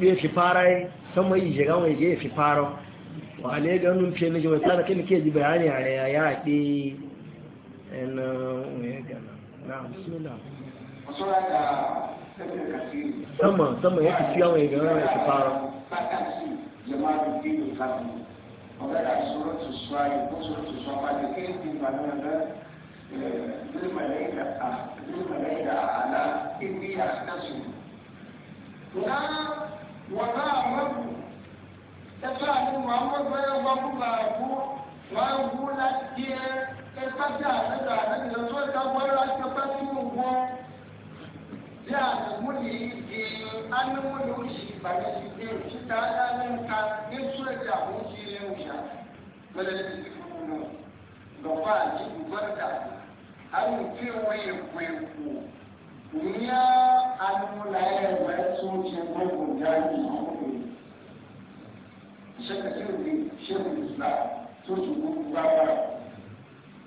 ya fi fara yi san mai shiga mai ya fi ga nun fiye miji mai tsara kai ke ji bayani a ya ya haɗe na ya gana na bismillah sama sama ya fi fiya mai gana ya fi fara ko karkashin kuna wata amadu ta sa ni muhammad bayan ba ku ba ku ku ke ta fata da da nan da so ta gwara ya da muni ke muni ba shi ke ta nan ka ta shi ne da shi kuma ga mutum Dunia anulaye wetu Mungu ndani ya Mungu. Sheikh Sirri, Sheikh Islam, tutu baba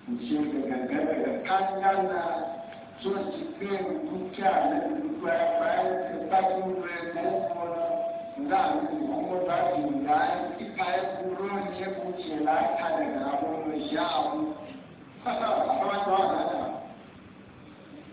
mshinde gangara kangana tusikie mtukia na mtukia baadhi baadhi mbele ndani Mungu basi ndani kikae kuroni kuchela kana na Mungu yao. Sasa watu wana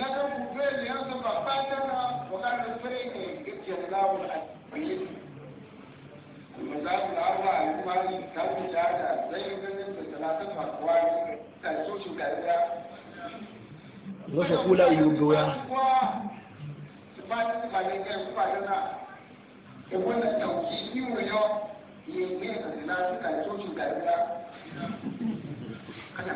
na ga kufe ne ya san babba tana wakar fure ne kuma za su da abuwa a yi ta fi da zai ganin da talatin makuwa ne ta so shi da ya kula goya su ba ta ba ne kai da wannan yau ne ne da talatin so shi da kana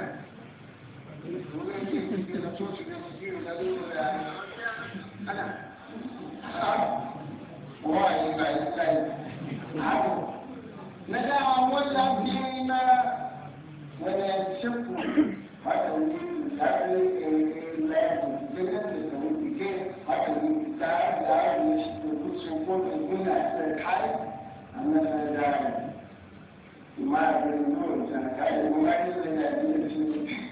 ما في النور كان كان ما يصير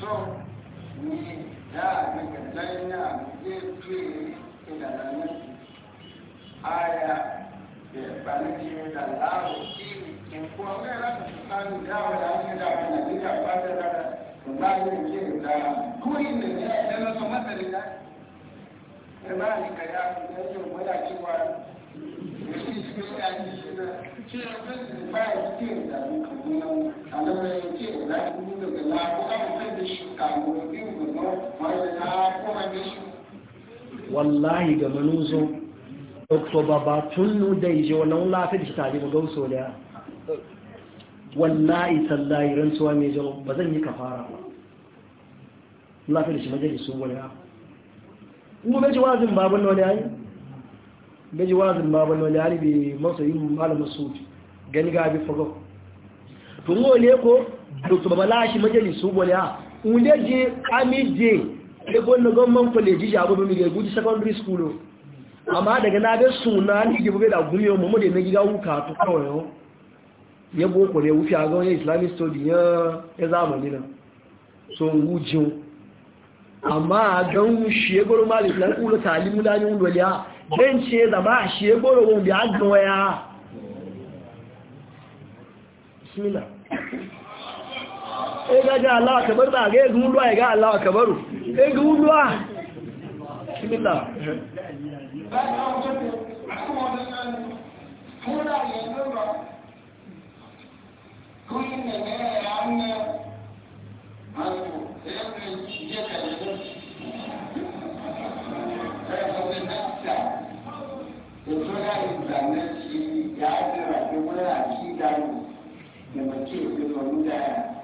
So, ni da daga daina zai fi ina nan aya da bani da lawo shi in kuma kai rasa tsakanin dawo da hannun da wani da ba da da ba da ke da duwin da ne a ɗan rasa ne na imani ka ya fi da yin wada cewa da shi shi ne a yi shi na ce ya fi da ba ya ce da a nan ya ke da daga lawo a mutum wallahi ga manuzo oktoba ba tunnu da ije wannan lafi da shi tare ba gauso da ya? wallahi tallahi rantsuwa mai jawo ba zan yi kafara ba lafi da shi majalisu wani ya kuma bai wazin babu na wani yi bai wazin babu na wani yi bai masa yi malamar su gani gabi abin fago tun wale ko dokta la shi majalisu wani ya? unde je ami je da gwanna gwamnan kwaleji ya abu domin guji secondary school amma daga na ga suna ni gibu da gumi mu mu da na gida wuka to kawai yau ya boko da ya wufi a gawon islamic study ya zamani na, so wujin amma dan shi ya gwaro ma da islamic talimu da ni wundwali ya don ce zama shi ya goro wani bi a ya bismillah ega ga Allah akabar ba ga egun ruwa ga Allah akabaru egun ruwa bismillah Thank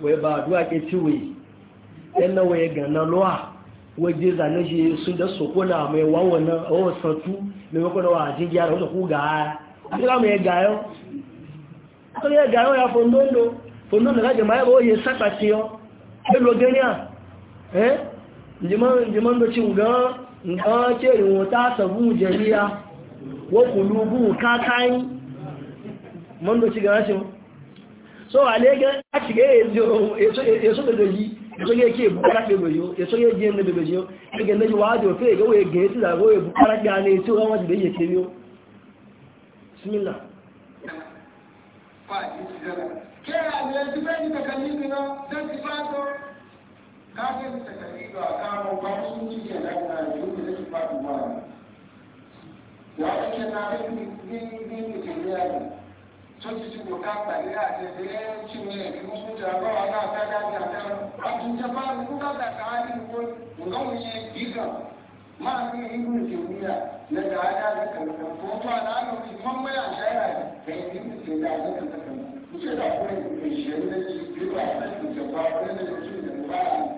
wai ba duwa ke ciwe yan na waye ga na luwa waje zane shi sun da sokona mai wawannan awon sattu mai wakon wa ajin gyara wata ku ga a kira mai gayo a kira gayo ya fondon do fondon da eh liman liman da cin ga ga ce rota sabu jariya wa kulubu ka kai man da ciga rashin so alega a ciga yeso yeso da gaji yeso ne ke bukara be goyo yeso ne je ne be goyo ke ne wa do fe ga we ge ti da go we bukara ga ne ti ga wa de ye ke yo bismillah fa ti ga ke a le ti be ni ka na dan ti fa 刚开始是一个，干了装修之前，然有几十万、几百万。第二天呢，那工人工人工资没结，着急急的干这谁去呢？装修这活儿，那干干呀，干。当时就把那个干的工人，工人也急了，骂他们：“你们兄那干干的坑坑，不赚哪里去？赚不了钱了，赔进去的，那个那个。”现在不有有钱的去去干，去交房，现在有钱的干。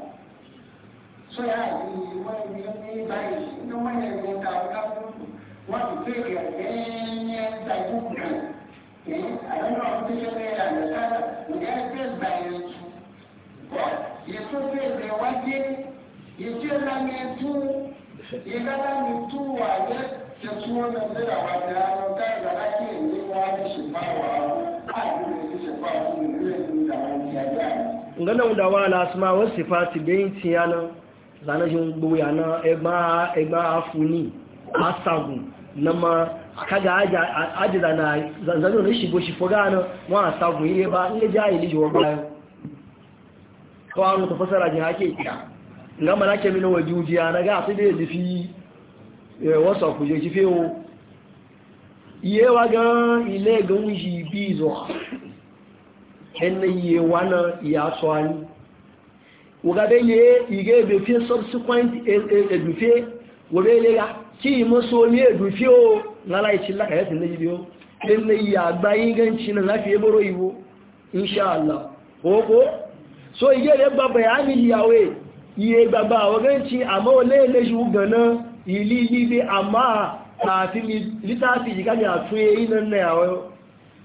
suna yi wani ne bayi na wani bụ da kafin wani ke ga ganyen da kuka a yana wani ke ne da ya ce bayi ya so ke ya ce na tu ya gana ne tu ya ta su a ya zane shi gbogbo ya na ẹgbà afuni asagun na ma kaga ajira na zanzano na shigo shi foga na wọn asagun ile ba ile ji ayi lijiwa bayan kawai ta fasara jin hake kira nga malake mini wa jujiya na ga asidi da fi eh, wasa kuje ji fewo wa gan ile gan wuji bi zuwa ẹni iyewa na iya so ani wùgàdé yẹ ìgé èdòfíẹ́ subsequent èdòfíẹ́ wòré léra kí ìmọ́ so ní èdòfíẹ́ o lára ìtì lákàrẹ́ sí léyìí o lẹ́lẹ́ yìí àgbá yíngáǹtì náà láti ebóró ìwó inṣàlá oókó so ìgé rẹ̀ gbàgbà yà ní ìyàwó iye gbàgbà ọ̀gáǹtì àmọ́ olóòlẹ́ṣù gànà ìlú ilé àmà àti lítàfi ìgbàmì àtún eyín náà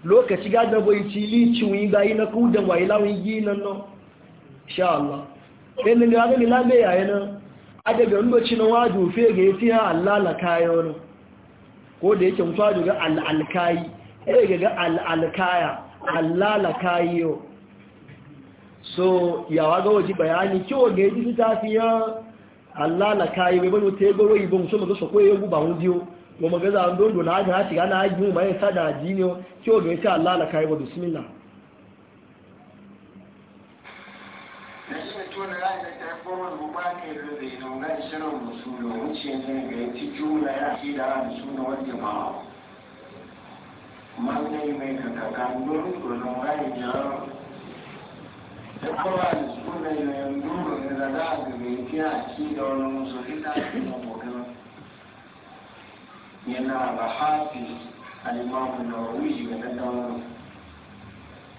lókàtí gádàbọ̀ ìtì ilé ìtìwìn gbà yínà kú dẹ̀wà ìláwìn yínà náà inṣàlá ɗin da ga mila bai yayi nan a daga lokaci na waju fe ga yafi ha allala kayo wani ko da yake mutuwa ga al'alkayi ɗaya ga al'alkaya allala kayo so yawa ga waje bayani kiwo ga yaji su tafiya Allah la kayo bai bani ta yi goro ibon so mazo sako ya guba wun biyo ga magaza an dondo na hajji na shiga na mu mai sada jiniyo kiwo ga yafi Allah la kayo wa bismillah suwan da ake ta koma ruwa ke da zai na wani shirin musu da wuce ne ga ya ci juna ya ce da ran su na wani jama'a ma ne mai ka ka kan dur ko na wani jama'a da kuma da su ne na yan dur ne da da ga mai ki a ci da wani musu ita da kuma yana ba hafi al-imam an-nawawi wa da dawo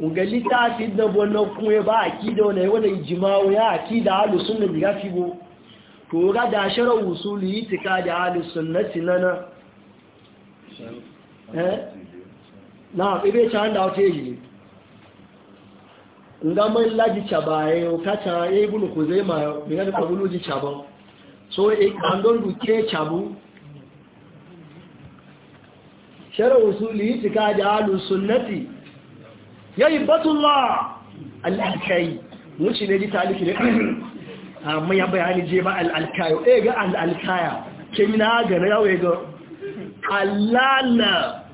ga littafin da wannan kuma ba a kida wani wani ijimawo ya a kida halussun da ya fi go to ga da shirar usuli yi tika da halussun na sinana eh? eh? na ebe can e, e e, da wata yi ne nga mai laji cabaye ya yi kata ya yi bulu ku zai ma ya da kwabulu ji caba so an don duke cabu shirar usuli yi tika da halussun na sinana yaibatullah al-alkai al'alkai wuce ne litalifi ne amma ah, ya bayani je ba al-alkayo eh ga al-alkaya kemina ga na yawo ga allala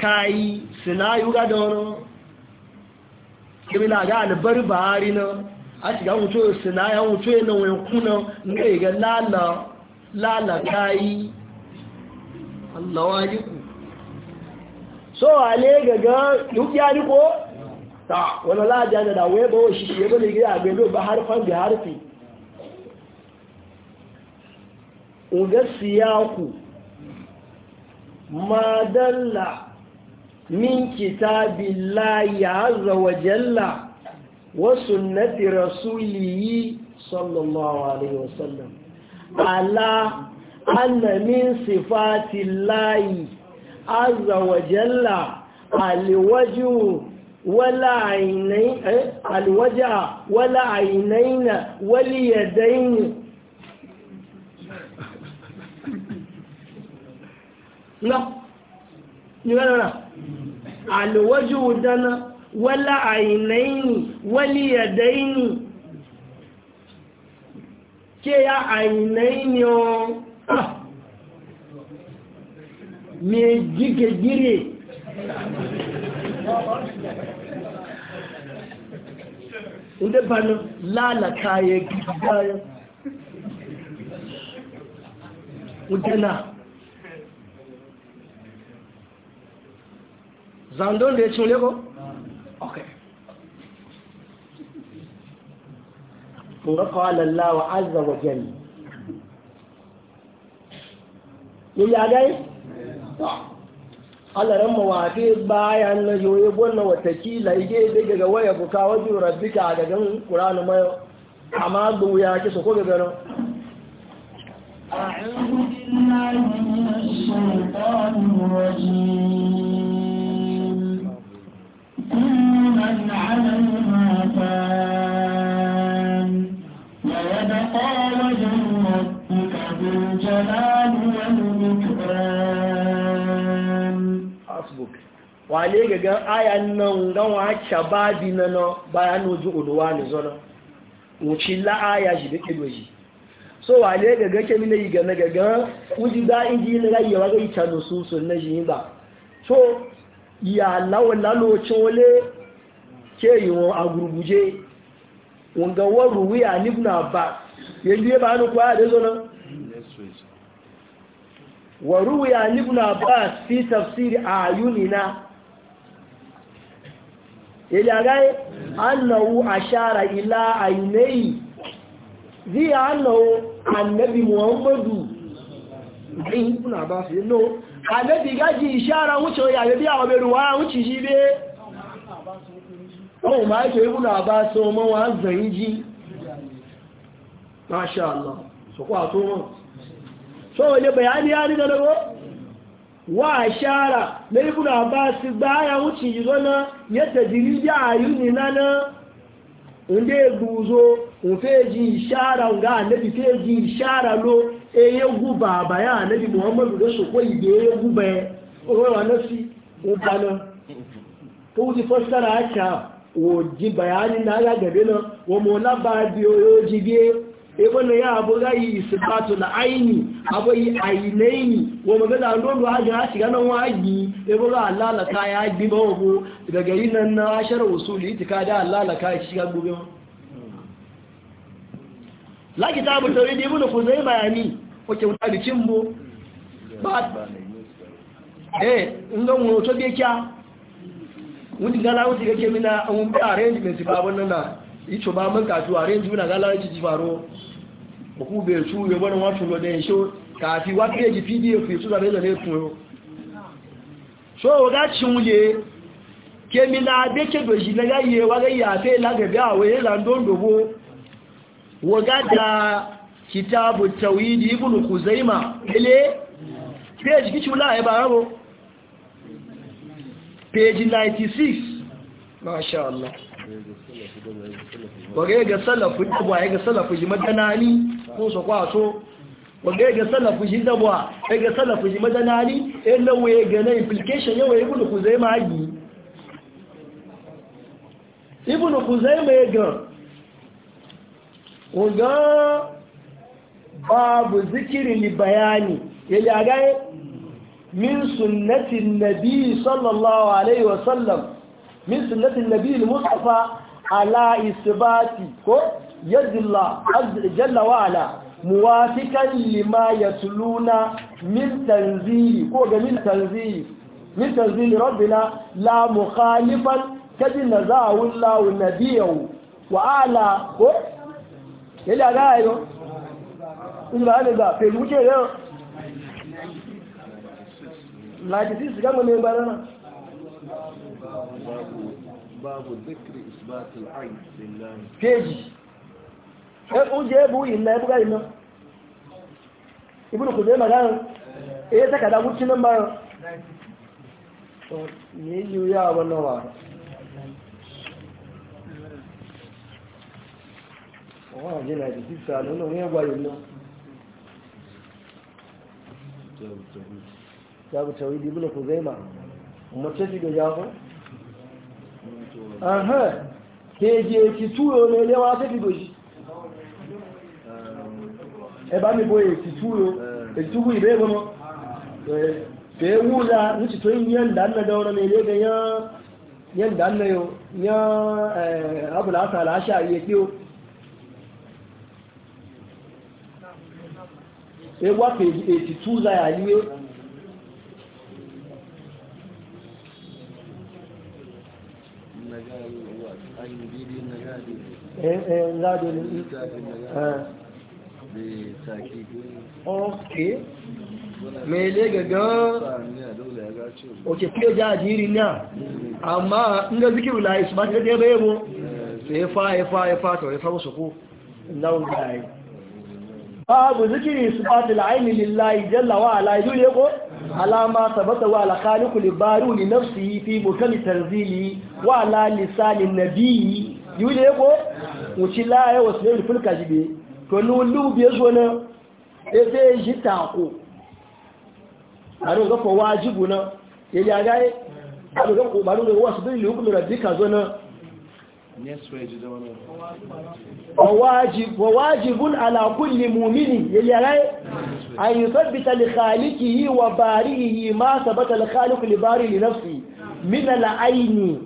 kai sinayu ga da wono kemina ga al-barbari na a shiga mutu sinaya mutu na wen kuna ngai ga lala lala kai yi wajiku so ale gaga duk ya ta wani laja da da weba wa shi shebe ne gida abin ba harfan da harfi uga siyaku ma dalla min kitabillahi azza wa jalla wasu sunnati rasulihi sallallahu alaihi wasallam ala anna min sifatillahi azza wa jalla alwajhu alwaja wala ainaina wali ya daini no ni wani wana alwaji udana wala ainaini wali ya daini ke ya ainaini o mai jike jire inda ba nan lalaka ya gidi bayan udana zandon da ya cin lego? ok ƙunga kawalar wa azza wa jami yi ya gai? alaran mawafe bayan na joye gwanna watakila ige daga ga waya buka wajen rabbika a gagan ƙuranu mai amma ga wuya ke so ko ga gano wale ga gan ayan nan gan wa shababi na na bayan oji odowa ne zo na wuci la aya shi da kedo shi so wale ga ga kemi na yiga na ga gan ji da inji na ga yawa ga ita no su so na shi ba so ya lawo lalo chole ke yi won agurbuje won ga wa ruwiya ni ibn abbas yanzu ba no kwa da zo na wa ruwiya ni ibn abbas fi tafsir ayunina ya gai annahu ashara ila ainai zai annahu annabi muhammadu ɗin kuna ba fi no annabi gaji ishara wuce ya yabi a wabe ruwa shi be o ma yake kuna ba su mawa zai ji masha Allah su kwa to so bayani da wa shara na ibn abbas baya wuce yizona yadda jiridi a yuni nana inda guzo ofe shara nga annabi fe ji shara lo eye guba baya annabi muhammadu da so koyi da eye guba ya e. owe wa nasi ubana ko ji fassara haka wo ji bayani na ya gabe na wo mo labari oyo ji biye ebole ya abuga yi isbatu la aini aboyi ainaini wo magana ndondo haja hashi ganan wagi eboga Allah la ka ya bi bawo daga yin na na ashara usuli itikada Allah la ka shi ga gobe la kitabu tawhid ibn khuzai bayani wace wuta da cimbo ba eh ngan wo to be kya wuti gala wuti ga kemina an arrangement ba wannan na ìtò bá mọ́kàtù àríyànjú náà gálárẹ́jì ti fàrọ òkú bèèrè tún yọ bọ́nà wọ́n tún lọ dẹ̀yìn ṣó kààfi wá péjì pdf tó sàbẹ́ ìlẹ̀ fún ọ so ọgá ṣíwúye kémi náà dékèdò yìí lẹ́gá yẹ wáyé yàfẹ́ lágẹ̀bẹ́ àwọ̀ yẹ́ làndóńdòwó wọ́gá da kitabu tawhidi ibn kuzaima ele péjì kí ṣúlá ẹ̀ e bá rárọ̀ péjì 96 masha Allah wage ga salafu dabwa ya ga salafu ji madanani ko so kwaso wage ga salafu ji dabwa ya ga salafu ji madanani in lawe ga na implication yawa ibn kuzaima haji ibn zai ya gan. wanga babu zikirin bayani ya ya ga min sunnatin nabi sallallahu alaihi wasallam من سنة النبي المصطفى على إثبات يد الله جل وعلا موافقا لما يتلون من تنزيل قوة من تنزيل من تنزيل ربنا لا مخالفا كذي نزاه الله ونبيه وعلى قوة إلا رأيه إلا هذا في الوجه لا تسيس كما من برنا kéèjì oúnjẹ ẹbù ilẹ̀ ẹbúgá iná ibùdó kò dé màgáyàn èyí tàkàdá mú tí nọ́mbà ní yíò yá àwọn náà wà wọ́n àjẹ́ náà ìdí sísà lọ́nà ní ẹgbà iná jábùtàwí ibùdó kò dé màgáyàn mọ̀ tẹ́sí gbẹ̀yà kéèjì èkì túrò ní ilé wá sí ìdòjì ẹbá níbo èkì túrò èkì túrò ìbé gbọmọ fèé wúra ní ti tó yíyàn dáná dáwọn ní ilé gan yán dáná yóò yán abúlá àtàlá àṣà yẹ pé ó ewa èkì túrò láyà yíwé زاد ok mai ne gaga ok ke ja jiri na amma inda zikiru la isu ba ta gaje bai mu sai ya fa fa ya fa ta wafa babu zikiri su lillahi jallawa alama sabata wa ala khaliqu li fi mukami tanzili wa ala lisanin nabiyyi yule ko wuci laye wasu yau fulka shi biye to ni wulu biye so na ya zai shi tako a rin gafa wajibu na ya yi agaye a rin gafa ƙobarin da wasu hukumar lihukumin rabika zo na wawajibun ala kulli mumini ya yi agaye an yi sabbita yi wa barihi ma sabata likhaliku libari li min al'aini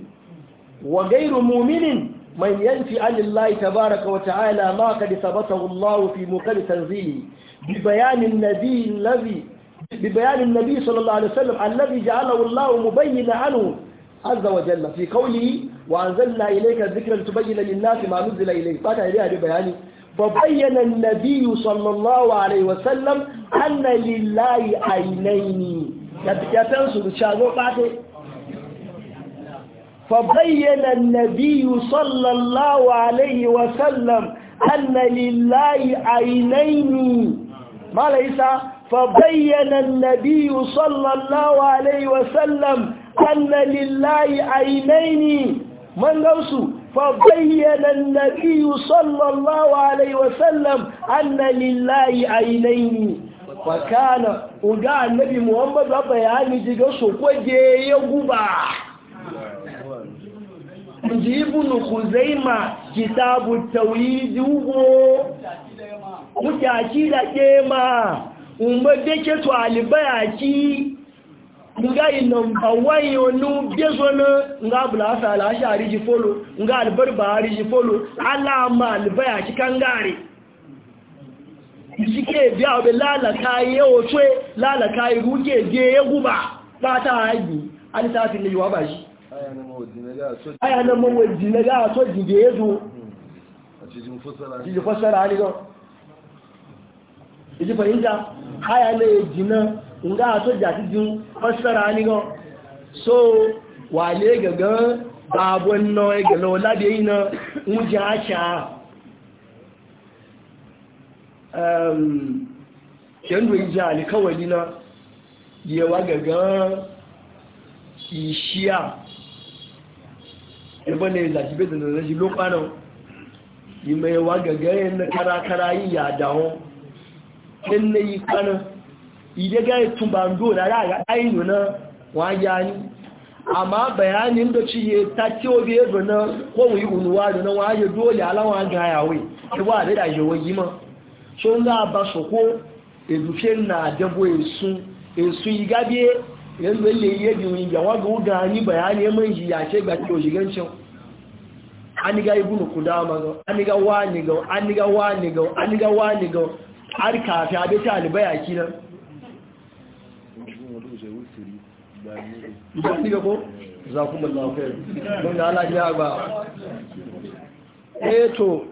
wa gairu muminin من ينفي عن الله تبارك وتعالى ما قد ثبته الله في موكل تنزيله ببيان النبي الذي ببيان النبي صلى الله عليه وسلم الذي جعله الله مبينا عنه عز وجل في قوله وأنزلنا إليك الذكر لتبين للناس ما نزل إليك بعد إليها ببيانه فبين النبي صلى الله عليه وسلم أن لله عينين تنسوا الشاذو بعده فبين النبي صلى الله عليه وسلم أن لله عينين ما ليس فبين النبي صلى الله عليه وسلم أن لله عينين من قوسه فبين النبي صلى الله عليه وسلم أن لله عينين فكان وقع النبي محمد بيان جيجا سوكو جيه يغبا inji ibn khuzaima kitabu tawhid ugo mutaki da kema umma dake to albayaki nga inamba wayo nu bezona nga bula sala shari ji folo nga albarbari ji folo alama albayaki kangare jike biya obi lalaka yi otwe lalaka yi ruke ge ya guba ba ta hagi an tafi ne yiwa ba shi aya na mo wajin na ga so jide yezu jiji fasara ni don aya na jina nga so jati jin fasara ni so wale gaga babon na labe yi na wujen aca kendo ija alikawali na yewa gaga ishiya ibn ne zaci bai da zaci lokano yi mai wa gagare na kara-kara yi ya dawo in na yi kanan ide ga tun ba ndo da ya ainihin na waya ni amma bayanin da ciye ta tiyo ya zo na kowai unuwa da na waya ga ya gaya wai iwa da da yawon yi ma so nga ba soko edufe na Esu esun esun igabie yanzu zai yi yadda yi yawa ga wuga ni bayani ya mai ya ce ga ke shigancin an ga ibnu kudama ga an ga wani ga an ga wani ga an ga wani ga har kafi a bai talibai a kinan ba eh to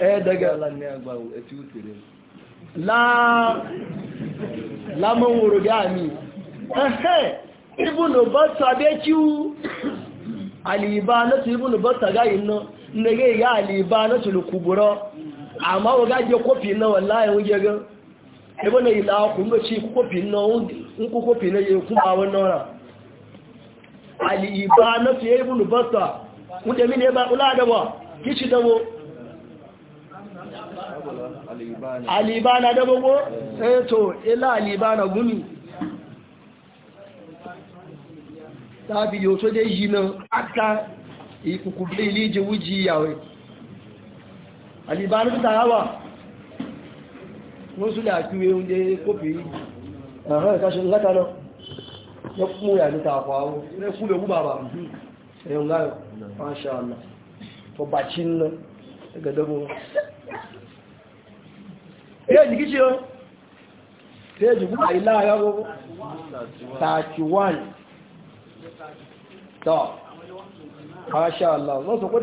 eh daga lan ba e eh ti la la mon ga ẹ̀hẹ́ ibùnù bọ́tọ̀ abẹ́kíú àlìbá lọ́tù ibùnù bọ́tọ̀ gáyì náà nígbé ìyá àlìbá lọ́tù lùkùbùrọ́ àmáwọ̀ gájẹ kópì náà láàrin àlìbá na dábogbo ẹ̀ ilá àlìbá na tàbí yóò tó dé yìí náà átá ìkùnkùn bí ilé ìjẹwú jí ìyàwó àdìbà ní tààwà wọ́n súnlẹ̀ àkíwé oúnjẹ kópì àwọn ìkáṣẹ́ látàná yọ kún ìyà ní tààkọ̀ àwọn ẹkùn lè kú bàbá ẹ̀yùn láyọ̀ máṣàlá fọbàchí ńlá ẹgbẹ̀dọ́gbọ̀n ẹ̀yẹ́ ìdíkíṣẹ́ to masha Allah so so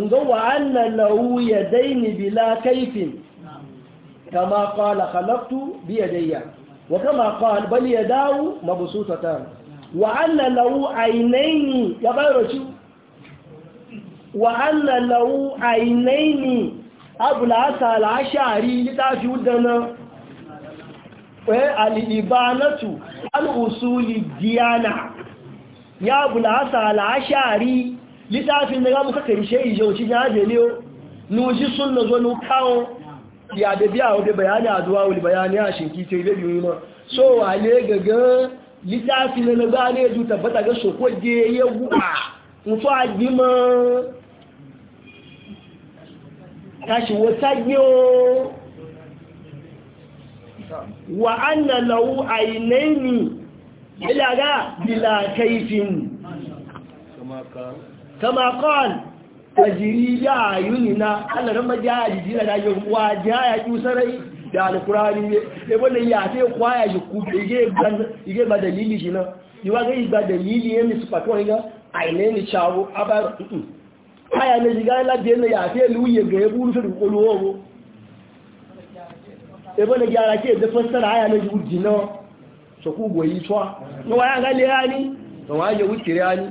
inga wa annan lahu ya daini bila kaifin kama kala halaktu biya dayya wa kama kala bali ya dawo mabusutatan wa annan lahu ya bayar shi Eh, al'ibanatu al'usuli diyana ya bulasa al'ashari littafin da gabu kaka ishe ijauci ya je ne nuji sun na zo nukawo ya da biya wadda bayani a duwa wuli bayani a shinki ta ile biyu ma so wale gaga littafin na gane ju tabbata ga soko je ya guba mutu a gima tashi wata yi wa anna lahu aynaini ga bila kaifin kama qal tajri ya ayunina Allah ran majaji jira da yau wa jaya ki sarai da alqurani e wannan ya te kwaya ji ku ige gan ige ba dalili shi na wa ga igba dalili yemi su patwa ga aynaini chawo abar aya ne diga la na ya te luye ga ya buru su ko luwo ebe na gyara ke da fassara haya na juji na so ku goyi twa no waya ga le yani no wa ga wuce yani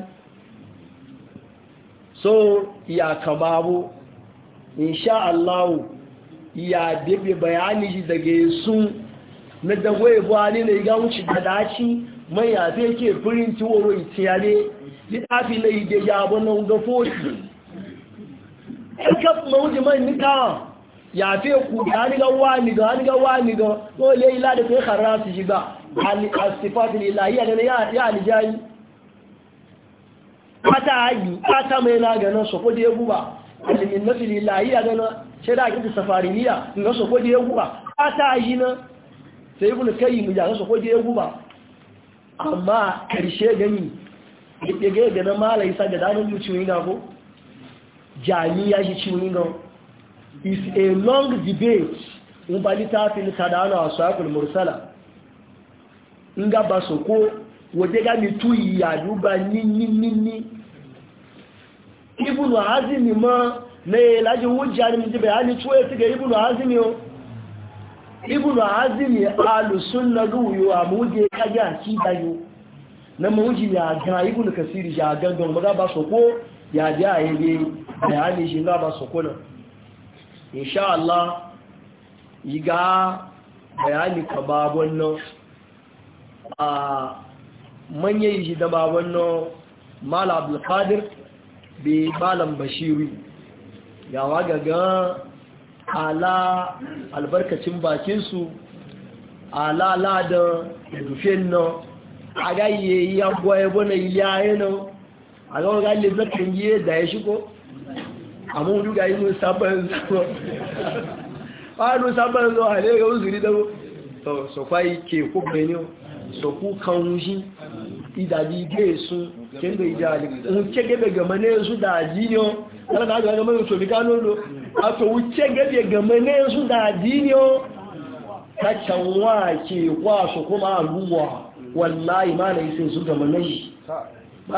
so ya kababu insha Allah ya bebe bayani ji daga sun na dagwaye buhari na ga wuce da daci mai ya fi ke ro tiworo itiyare littafi na ide ya abu na ga 40 ɗan kafin mawujin mai nika yàfẹ́ kù dánígáwánigáwánigáwániga wa lè ilá da kai kàrá su ṣigbá alìsìfàtìlì ìlàyé àdẹ́lẹ́ yà àlìjáyí pátá agbì pátá mai laganan sọ̀kọ́ da ya ya guba alìmìnàfìlì ìlàyé àdẹ́lẹ́ ṣe da kìtì safariniya ga sọ̀kọ́ da ya guba pátá yi na sai ibùn kai mu so ko da ya guba amma karshe gani ya gaya gana mala isa da danin mucin yi na ko jami ya shi ciwon yi na is a long debate in ba littafin tadano a saƙul mursala in gaba su ko waje gami tuyi yadu ba Ibu ibn azini ma na yi laji wujja ni mutu bayani tuwaye su Ibu ibn azini o ibn azimi alusun na ruyo a muje kage a kidayo na mawuji ya gana ibn kasiri ya gangan ba su ko ya ji a yi bayani shi ba su ko na? insha Allah yi ga bayani ka babon nan a manyan yi da babon nan mala abdulkadir bi malam bashiru yawa gaga ala albarkacin bakinsu ala ladan rufe nan a gaye ya gwaye ya yayi nan a gawa ga lizarkin yi da ya shigo àmọ́ olúga inú sábẹ́ńsọ́ wánú sábẹ́ńsọ́ àlẹ́gẹ́ òzìrí dẹ́wọ́ sọ̀kwá ike kóbìnrin sọ̀kú kan yí ìdàdí igé èsùn kéńdò ìdí àlè ń kẹ́gẹ́bẹ̀ gẹ̀mọ́ ní èsùn dàájí ni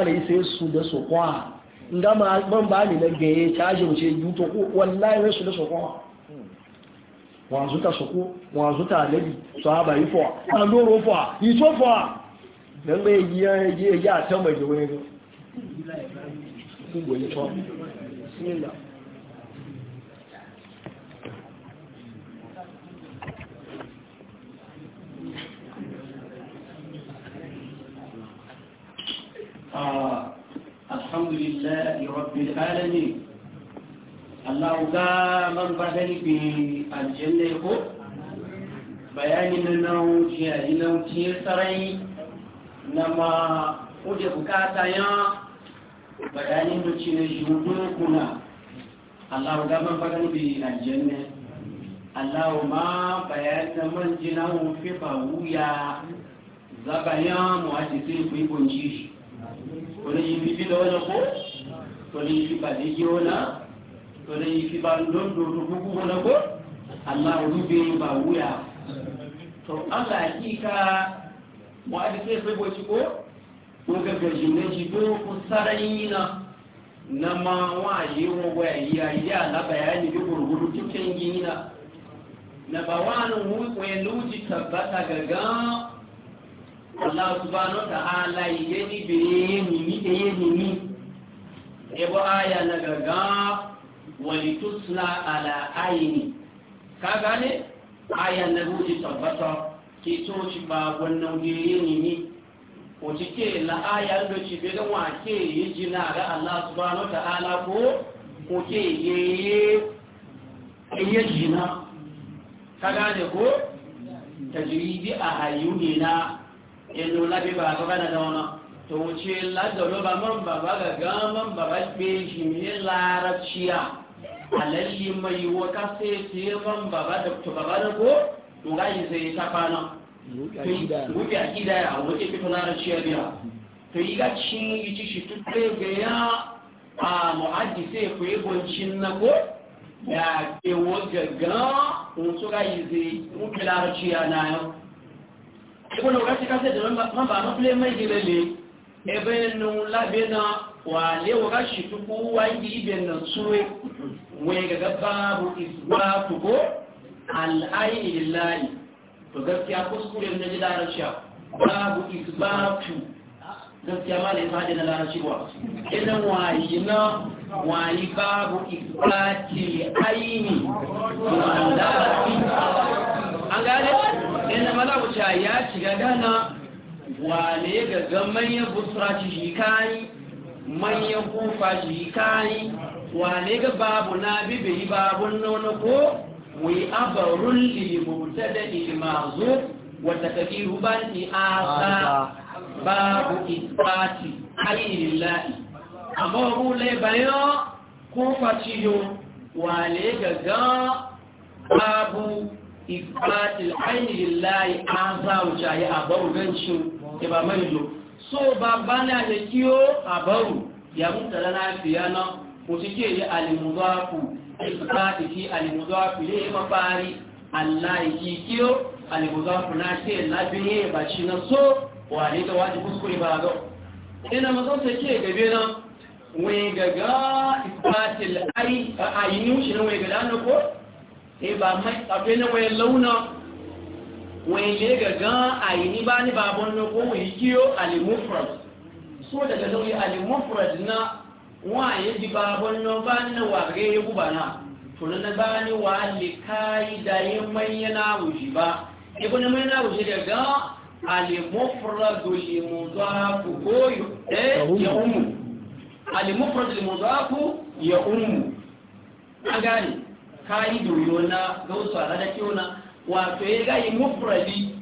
ke kwasu su da su ngama ban ba ni nan ya caji mu ce yuto ko wallahi wai su da sokon wa zuta soko wa zuta nabi sahaba yi fo an doro fo yi to fo dan bai yi ya ya ta mai wani ko goyi to bismillah لله رب العالمين الله قام بدل في الجنة يقول بيان النوت يا النوت يسري نما وجه بكاتا يا بيان النوت يجودكنا الله قام بدل في الجنة الله ما بيان من جناه في فويا زبيان مؤسسين في بنجيش tole yi fi bidoona ko tole yi fi ba bade jiwona tole yi fi ba bandon doto bugugona ko allah ruɓe ba wuya to allah ka mo adi fe feboci ko ga ɗoga gajineji do ko sarayina nama wa yi wogo ya yi a yi ala bayani bi gurguru cikin gina na ba wani wuyen ta tabbata gagan Allah subhanahu wa ta'ala yeni bere yeni ni de yeni ni ebo aya na gaga walitusla ala aini ka gane aya na buji tabbata ki to ci ba wannan gere yeni ni o ci ke la aya do ci be da wa ke yiji na ga Allah subhanahu wa ta'ala ko ko ke ye ye jina ka gane ko tajribi a hayunina inu labi ba ba na dauna to wuce ladalo ba man baba ga gaman baba be shi ne larabciya alalli mai waka sai ce man baba da to baba da ko to ga yi sai ta fana wuce a gida ya wuce fito larabciya biya to yi ga ci yi ci shi tutte ga ya a mu'addi sai ku yi goncin na ko ya ke wo gaga wuce ga yi sai wuce larabciya na yau ebola wakati kasete mamba anopile maigilele ebenu labena wale wakashituku wangi ẹnu nsue wega babu isbatu ko al'aini lillahi to gaskiya kuskure na ji larabciya babu isbatu gaskiya ma idan wayi na babu isbati aini to an gane inda maza wuce ya shiga dana wane ga ga manyan busra shi kayi manyan kufa shi kayi wane ga babu na bibi babun nono ko wai abarun limuta da ilmazu wata kafi ruban ni asa babu isbati ainihin la'i amma rule bayan kufa ciyo wane ga ga babu isbatil ainihin layi an za wuce yi a baru gancin ibamani lo so ba bana da kiyo a baru ya mutala na fiya na kí cike yi alimuzafu isbati fi alimuzafu ne mafari allah yi kiyo alimuzafu na ce na so wa ba ga ina gabe na wai shi wai na ko e ba mai akwai na wayan launa wayan ne ga gan a yi ni ba ni babon na ko wayi kiyo alimufrad so daga nauyi alimufrad na waye di babon na ba ni na ware ya guba na tuna na ba ni wa likai da yi manyana wuji ba ibu na manyana wuji da gan alimufrad limuzaku goyo eh ya umu alimufrad limuzaku ya umu a gani kaido yona gausa da kiona wato ya gai mufradi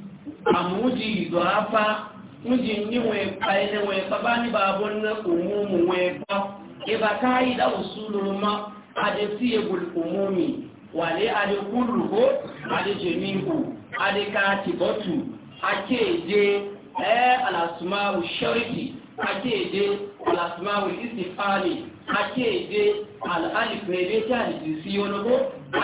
amuji doafa muji ni we paine we babani babon na umumu we e ba iba kaida usulul ma adesiye gul umumi wale alikulu kati alijemihu alikati botu akeje eh alasma ushariki akeje alasma istifali ebe akéde alifaidaita alisisi yana ko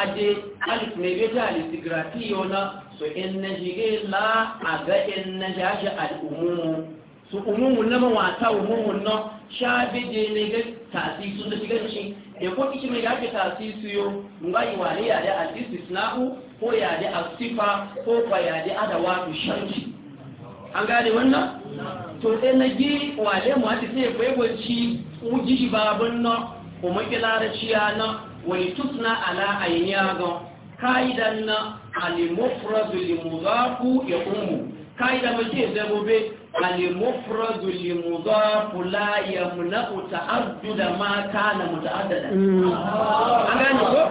ade alifaidaita alisigrati yana so in na shige la a ga in na shashi al'umumu su umumu na mawata umumu na sha bide ne ga tasisu da shiga shi da ko kici mai yake tasisu yo ngai wale ya da al-istisna'u ko ya da asifa ko fa ya da adawa shanki an gane wannan to enagi wale mu ati sai bai wanci uji babun na kuma kilara ciya na wani tusna ala ainiya ga kaidan na alimufradu limuzaku ya umu kaida mace zabobe alimufradu limuzaku la ya yamna ta'adduda ma kana muta'addada mm. an gane ko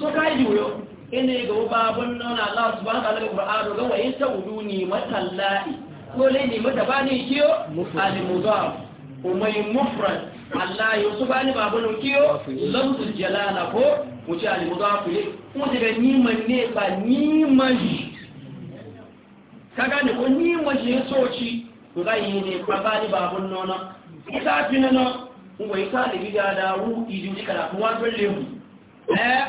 so kaidi yo ina ga babun na Allah subhanahu wa ta'ala ga Qur'anu ga wa yasuduni matallahi kólé ní mọ́tàbá ní kí ó alìmùdọ́ ọmọ ìmúfràn aláyọ̀ tó bá ní bàbá ní kí ó lọ́wọ́sùn jẹ́lá àlàfó mo ṣe alìmùdọ́ àpòlé wọ́n ti bẹ̀ níma ni níma yìí kaga ne ko níma yìí sóòtì kò báyìí ní bàbá ní bàbá nọ́nà ìsáàfin náà wọ́n ko lè rí dáadáa wú ìdí ìkàlà fún wá tó léwu lemu eh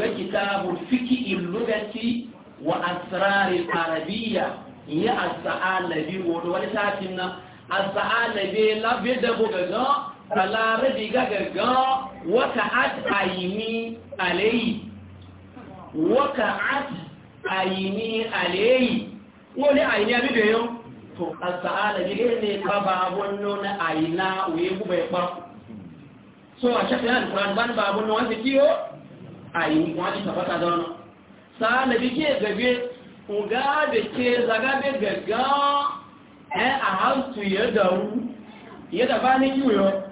rẹ̀ kìtàbù fíkì ìlú rẹ̀ sí wa asrar al-arabiyya yi asa'alabi wani wani satin nan asa'alabi labe da bugaga alarabi gagaga waka at ayini alayi waka at ayini alayi wani ayini abi da yau to asa'alabi ne ne kaba wannan na ayina uye guba ya ɓar so a shafi yana da ban babun na wanda kiyo ayini wani tabbata da wani sa'alabi ke gabe uga da ke zaga da gaga ɗan eh, a hantu ya daru ya da ba ni kiwo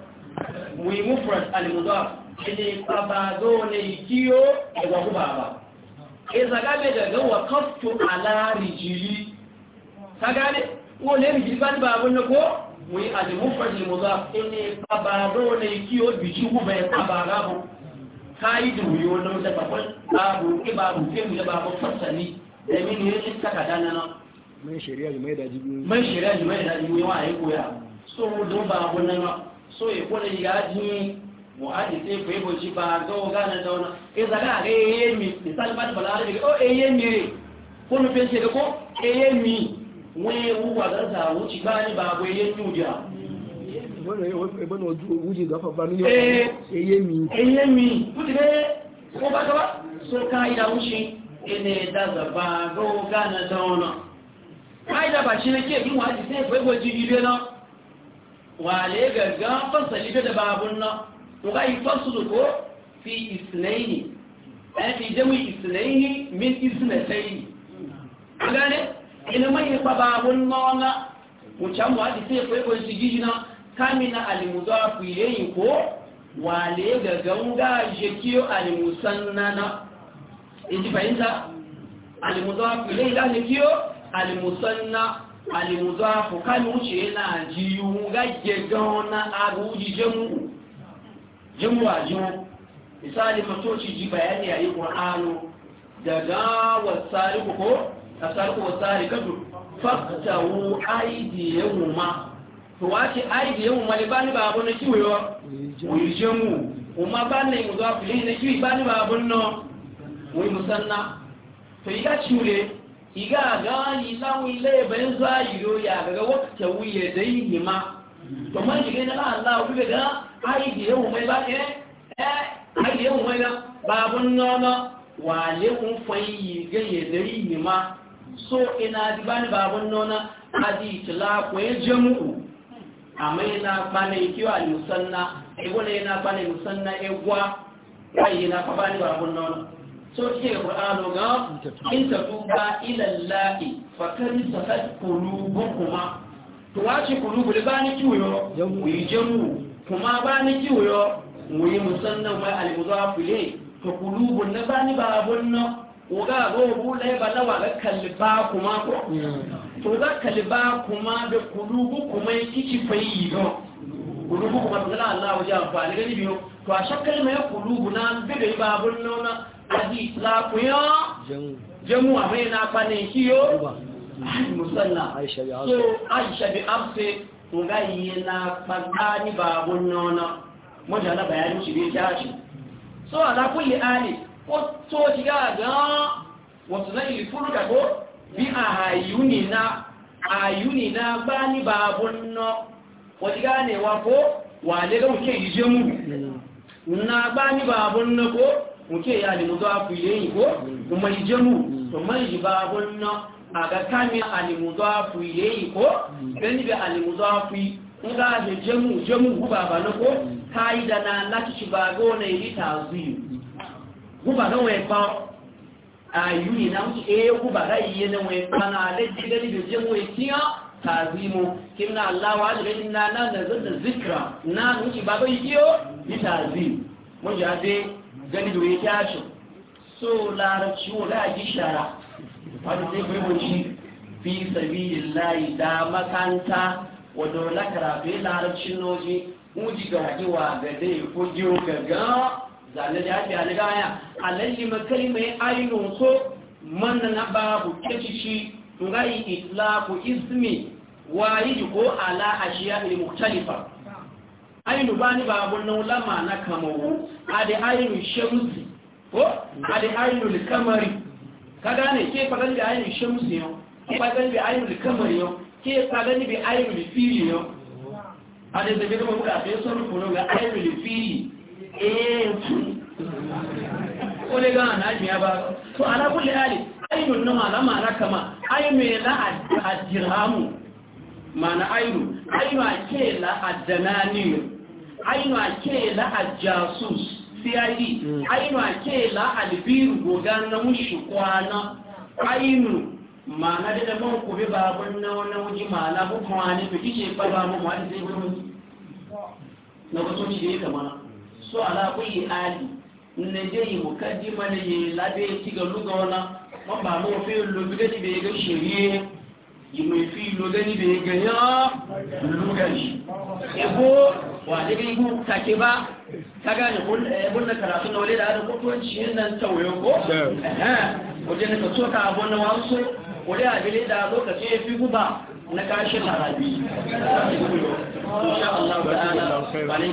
muhimmu france alimudar ne kwabazo ne kiyo ẹgbà kúbà bá Ke zaga da gaga wa kaftu Alari jiri? ta gane wọ́n lè rijili bá ní ba abin ko muyi alimu france alimudar ne kwabazo ne kiyo biji kúbà ya kwabara ka yi da wuyo na wuce babu babu ke babu ke mu ya babu fasani domin yin saka danana mai shari'a mai da jibi mai shari'a mai da jibi wa ai koya so do ba wannan ma so e ko ne ya ji mu aji sai ko yebo ji ba ga ga na da wannan e zaga ga yeye mi misal ba da balare ga o yeye mi ko no pense ga ko yeye mi we wu wa da ta wu ci ba ni ba go yeye mi uja ebona ojú owúje gafa bá nílé ọkọ eyé mi eyé mi kú ti bẹ́ẹ̀ kó bá tọ́ sọ ká ìdáhùn ṣe ene daga ba roga na dauna da ba shi nake yin waji sai bai waji ibe na wale gaga fasali da babun na ga yi fasulu ko fi eh, fi jami isnaini min isnataini gane ina mai fa babun na wucan waji sai bai kamina alimudafu ko wale ga je kiyo nana in ji fahimta alimuzafu ilai da ne kiyo alimusanna alimuzafu kan wuce yana jiyu gagge gana aruji jamu jamu a jimu misali matoci ji bayani a yi ƙwa'ano daga wasari ko a sarko wasari kadu faktawo aidiyahu ma to wace aidiyahu ma ne ba ni ba abu na kiwo yi jamu kuma ba na yi muzafu ilai na kiwi ba ni ba wani musanna to yi ga cire yi ga gani lawi laibayin zahiro ya daga wakta wuye da yi hima to man jirage na ba Allah wuge da ayi da yawon mai ba ke eh ayi da yawon mai ba babun nono wa le kun fayi yi ga ya da yi so ina di ba ni babun nono a di tila ko ya jamu a mai na kwana yi kiwa musanna yi musanna egwa ayi na kwana yi so ce ƙwararru ga inta tuba ilan la'i fakari ta sai kulubu kuma tuwa ce kulubu da ba ni kiwo yi jamu kuma ba ni kiwo yi mu yi musamman mai alibuzo a fule ta kulubu na ba ni babun nan ƙoga gobu na ba balawa ga kalliba kuma ko To za kalliba kuma da kulubu kuma ya kici fayi yi don kulubu kuma ta Allah wajen amfani gani biyu to a shakkali mai kulubu na bi bigai babun nauna àti ìtìlápìyàn jẹmú àwọn iná apáni kí yó musalla so aishabi abse nga iye na pàdá ní bàbá náà mọ́jà alábàáyá ní ṣìlẹ̀ jáàṣì so alákùnlé alì ó tó ṣígá gan wọ̀tù náà ìlú fúrú dàgbó bí àyúnì na gbá ní bàbá náà wọ́n ti gáà nẹ̀wà kó wà yi jemu? na gbá ní bàbá náà muke ya limu za ile yi ko kuma yi to mai yi ba hunna a ga kami alimu za ile yi ko gani da alimu za ku yi in ga da jamu jamu ku ba na ko ka yi da na ci ba go na yi ta ku ba na wai pa a yi na mutu eh, e ba ga yi na wai ba na alaji gani da jamu ya kiya ta zuyi mu kim na allah wa alaji na na na zikra na mutu ba ba yi kiyo yi ta zuyi mun ji gani ya shi so larabci wo da ji shara wanda zai bai wuce fi lillahi da makanta wa dole lara larabci noji uji ga wajewa ga zai ko gaga zane da ake ani gaya alalli makari mai ainihin so manna na babu kecici yi itlaku ismi wa yi ko ala ashiya ne mukhtalifa ainu bani ba wannan lama na kamawo a da ainu shamsi ko a da ainu kamari ka gane ke fagan da ainu shamsi yau ke fagan da ainu kamari yau ke fagan da ainu fili yau a da zabi da mabuka sai sun rufu ga ainu fili eh ko ne ga na ji ba to ala kulli hali ainu na malama na kama ai me la mana ainu ainu ake la adanani ainu ake la ajasus cid hmm. ainu ake alibiru albiru gogan na mushi kwana ainu mana da da man kube babun na wani wuji mana ko kuma ne biki ce fa ba mu wani sai gudu na wato ci ne kamar so ala kulli ali ne je yi mukaddima ne labe ci ga lugawana ma ba mu fi lubi da be ga shiriye yìí fi lóde níbi ganyan lugani ebo wa daga yi kake ba ta gane wannan karatu na wale da hada kwatuwanci yin nan ko ka na wasu wale a da na ne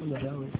ne ji da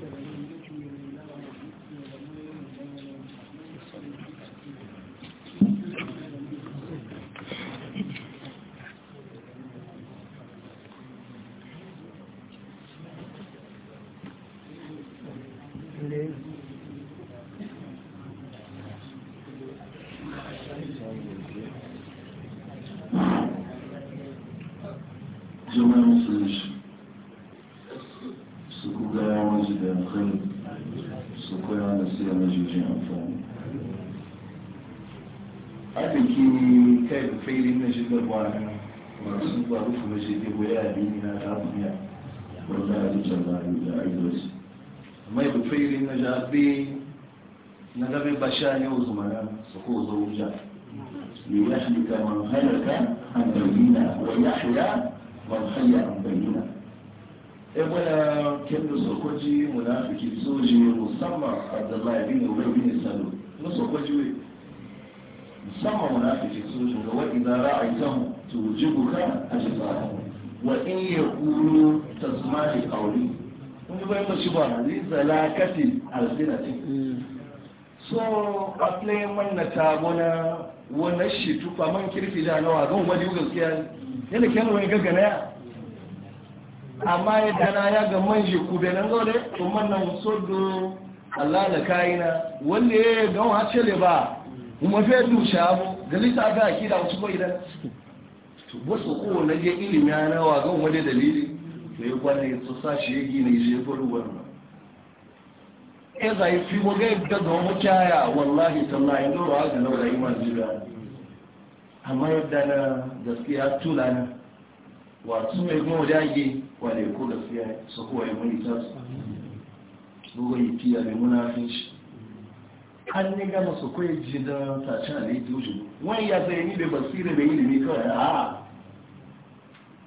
ويا ديننا الأصنع والله جل وعلا ما يبفير إن جابي نغبي بشاني وزمنا سقوط وجاء ليهلك من هلك عن بيننا ويحيى من حي عن بيننا ebola kendo sokoji munafiki soji musamman abdullahi bin ubay bin salul na sokoji we musamman munafiki soji ga wa idza ra'aytahum tujibuka ajzahum wa in ya kuru ta zuma da kauri wani bai mashi ba zai tsala katin alzinatin so a filayen manna tagona wannan shi tufa man kirfi da nawa zan wani gaskiya yana kyan wani gaggana ya amma ya dana ya ga man shi kube nan zaune to mannan sodo allah da kayina wanda ya gawa cele ba kuma fiye dushe abu galita ga akida wasu bai idan wasu kowa na je ilimi ya rawa gan wani dalili na yi kwanne su sa shi ya gina ishe faruwar ya yi fi waga yadda da wani kyaya wallahi tallahi na wadayi iman jira amma yadda na gaskiya tula na wasu mai goma dage wane ko gaskiya su kowa ya muni ta su ruwa yi fiya mai munafin shi an ni gama su jidan ya zai da basira ilimi kawai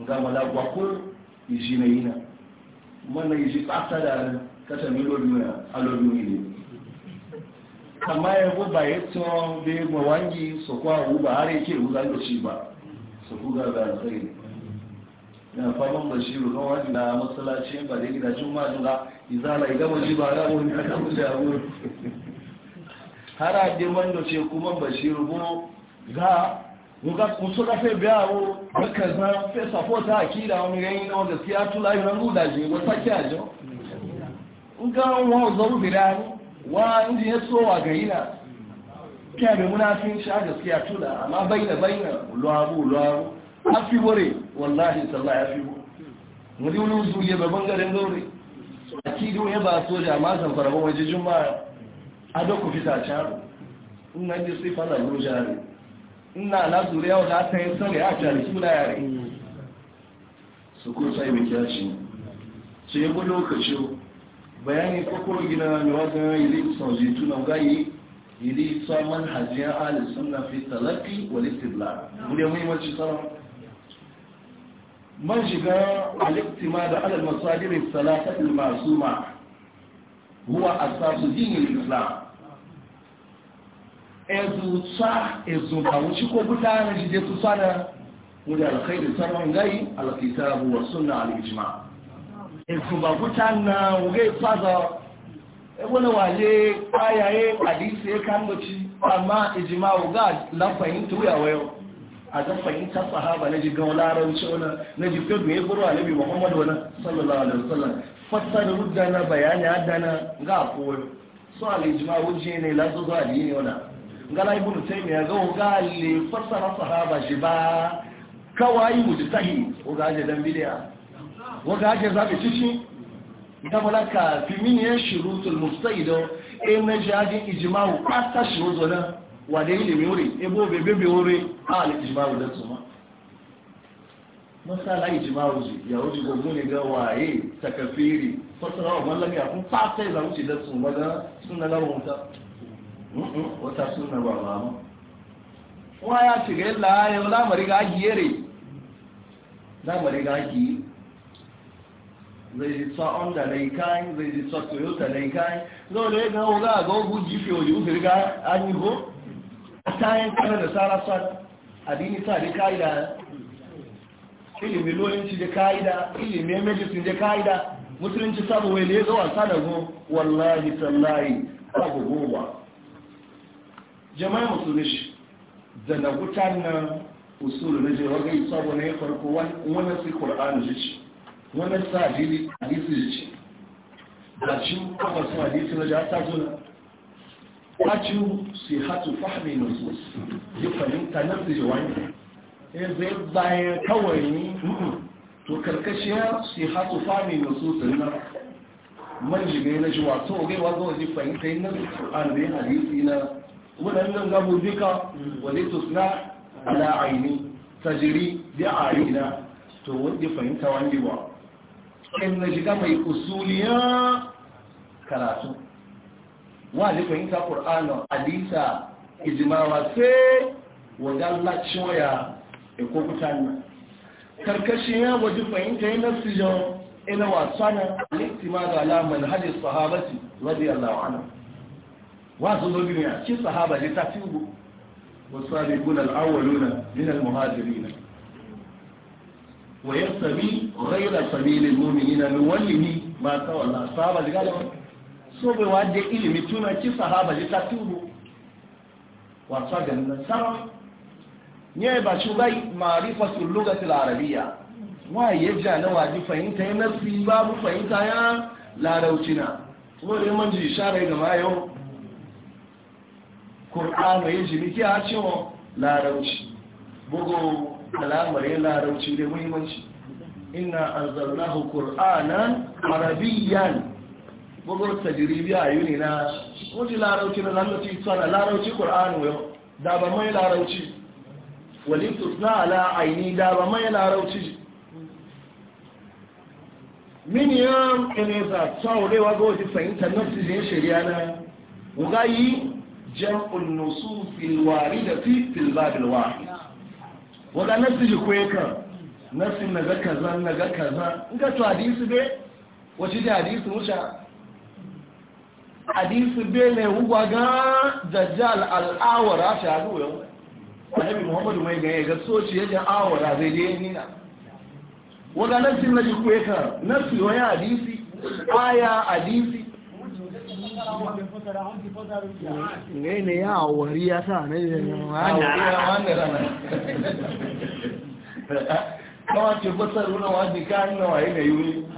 nga mala gwakul izi na yina mana iji tsata da kata milo duniya alo duniya amma ya e bu ba ya e tsoron da ya gwawangi su kwa hu ba har yake hu da shi ba su kuga ga sai na faman bashiru kan wani na masallaci ba da gida cin ma izala idan waje ba ga wani ka mu da wuri har a je mando ce kuma bashiru ga musu kafe biya wo baka za fe sapota akida wani gani na wanda siya tula na rangu da je wata kiya jo in ga wa zaru bidani wa ya so wa gari na muna fi n sha gaskiya tula amma baina baina luwabu a afi wore wallahi sallah ya fi wo muri wani ya baban garin gaure ba soja amma waje juma'a a fita can na ina na yau da ta yi sauri a cari suna yare su ko sai mai kyashi su yi bu lokaci bayani kwakwa gina mai wata yi son jitu na gayi yi saman hajiyar ahli suna fi talafi wa littibla wuri muhimmanci tsaron man shiga alittima da alal masajirin masu ma huwa asasu dinin islam ezutswa ezumba uchiko butana jide tutsana wuri alkhairu sarwan gai alkitabu wa sunna alijima. ijma ezumba butana wuge faza wani waje ayaye hadisi e, ya kan gaci amma ijma ga la fahimta wuya wayo a ga fahimta sahaba na jigan larabci wani na jikin da ya buru alabi muhammadu wani sallallahu alaihi wasallam fassara rudana bayani adana ga kowa so al-ijma ne lazo zuwa ne wani ngala ibnu taymiya ga ga le fasara sahaba shi ba kawai mujtahi o ga je dan bidiya o ga zabe cici da malaka fi min ya shurutul mustaido in eh na jadi ijma'u kasta shi wazo na wa da ile wuri? ore eh b'o be be be ore al ijma'u da tsoma masala ijma'u ji ya wuce gogo ne ga waye takafiri fasara wa mallaka kun fasa ya wuce da tsoma da sunna na wata suna ba ba wa ya shiga yalla ya la mariga giyere la mariga gi zai ji tsa onda dai kai zai ji tsa toyota na dai kai zo le ga o ga go bu ji fi o ju fi ga ani go atayin kana da sara sa adini sa da kai da ilimi loyanci da kaida ilimi medicine da kaida musulunci sabo wai ne zo wasa da go wallahi tallahi ba go ba jama'a musulmi da na gutan na usulu na je wagai sabo na ya farko wani su Kur'an ji ci wani sa hadisi hadisi ji ci da ci kuma sa hadisi na ja ta a ci su hatu fahmi nusus ya fahimta na su ji wani ya zai bayan kawai ni to karkashiya su hatu su su na manjigai na shi wato gaiwa zuwa ji fahimta na Kur'an da hadisi na waɗannan gabobika wale tusna ala aini tajiri bi aina to wanda fahimta wani ba in na shiga mai usuliya karatu wani fahimta ƙur'anin alisa ijimawa sai Allah laciyoya da kokutan nan karkashin ya waje fahimta yana sijon ina wasanin alittima ga alamar hadis sahabati radiyallahu anhu wasu zo duniya shi sahaba ne والسابقون الأولون من المهاجرين ويرتبي غير سبيل المؤمنين نوله ما تولى الصحابة قالوا سوبي وادي إلي متونا شي صحابة لتتوبوا وصاقا نسرع نعبا شغي معرفة اللغة العربية ويجع نواجي فإنت ينفي باب فإنت يا لا روتنا ولمن جي شارع كما يوم ƙur'anu ya ji biki a cewa larauci bugu kalamar ya larauci da muhimmanci ina anzarnahu ƙur'anan arabiyan. bugu tajiribi a yuni na wuce larauci na lalaci tsara larauci ƙur'anu yau da ba mai larauci walittu na ala aini da ba mai larauci miniyan ɗin ya tsawo rewa ga wajen sayin tannan da ya shirya na wuga yi jam'un nusufil waridati fil babil wahid wanda nasu ji ko yakan nasu na ga kaza na ga kaza in ka to hadisi be wace ji hadisi wuce hadisi be ne wuwa ga dajjal al'awara ta zo yau annabi muhammadu mai ga ya ga soci yadda awara zai je nina wanda nasu na ji ko yakan nasu wani hadisi aya hadisi ne yao wariya sana hmm. kama ake fasaruna wajika na waye na yuri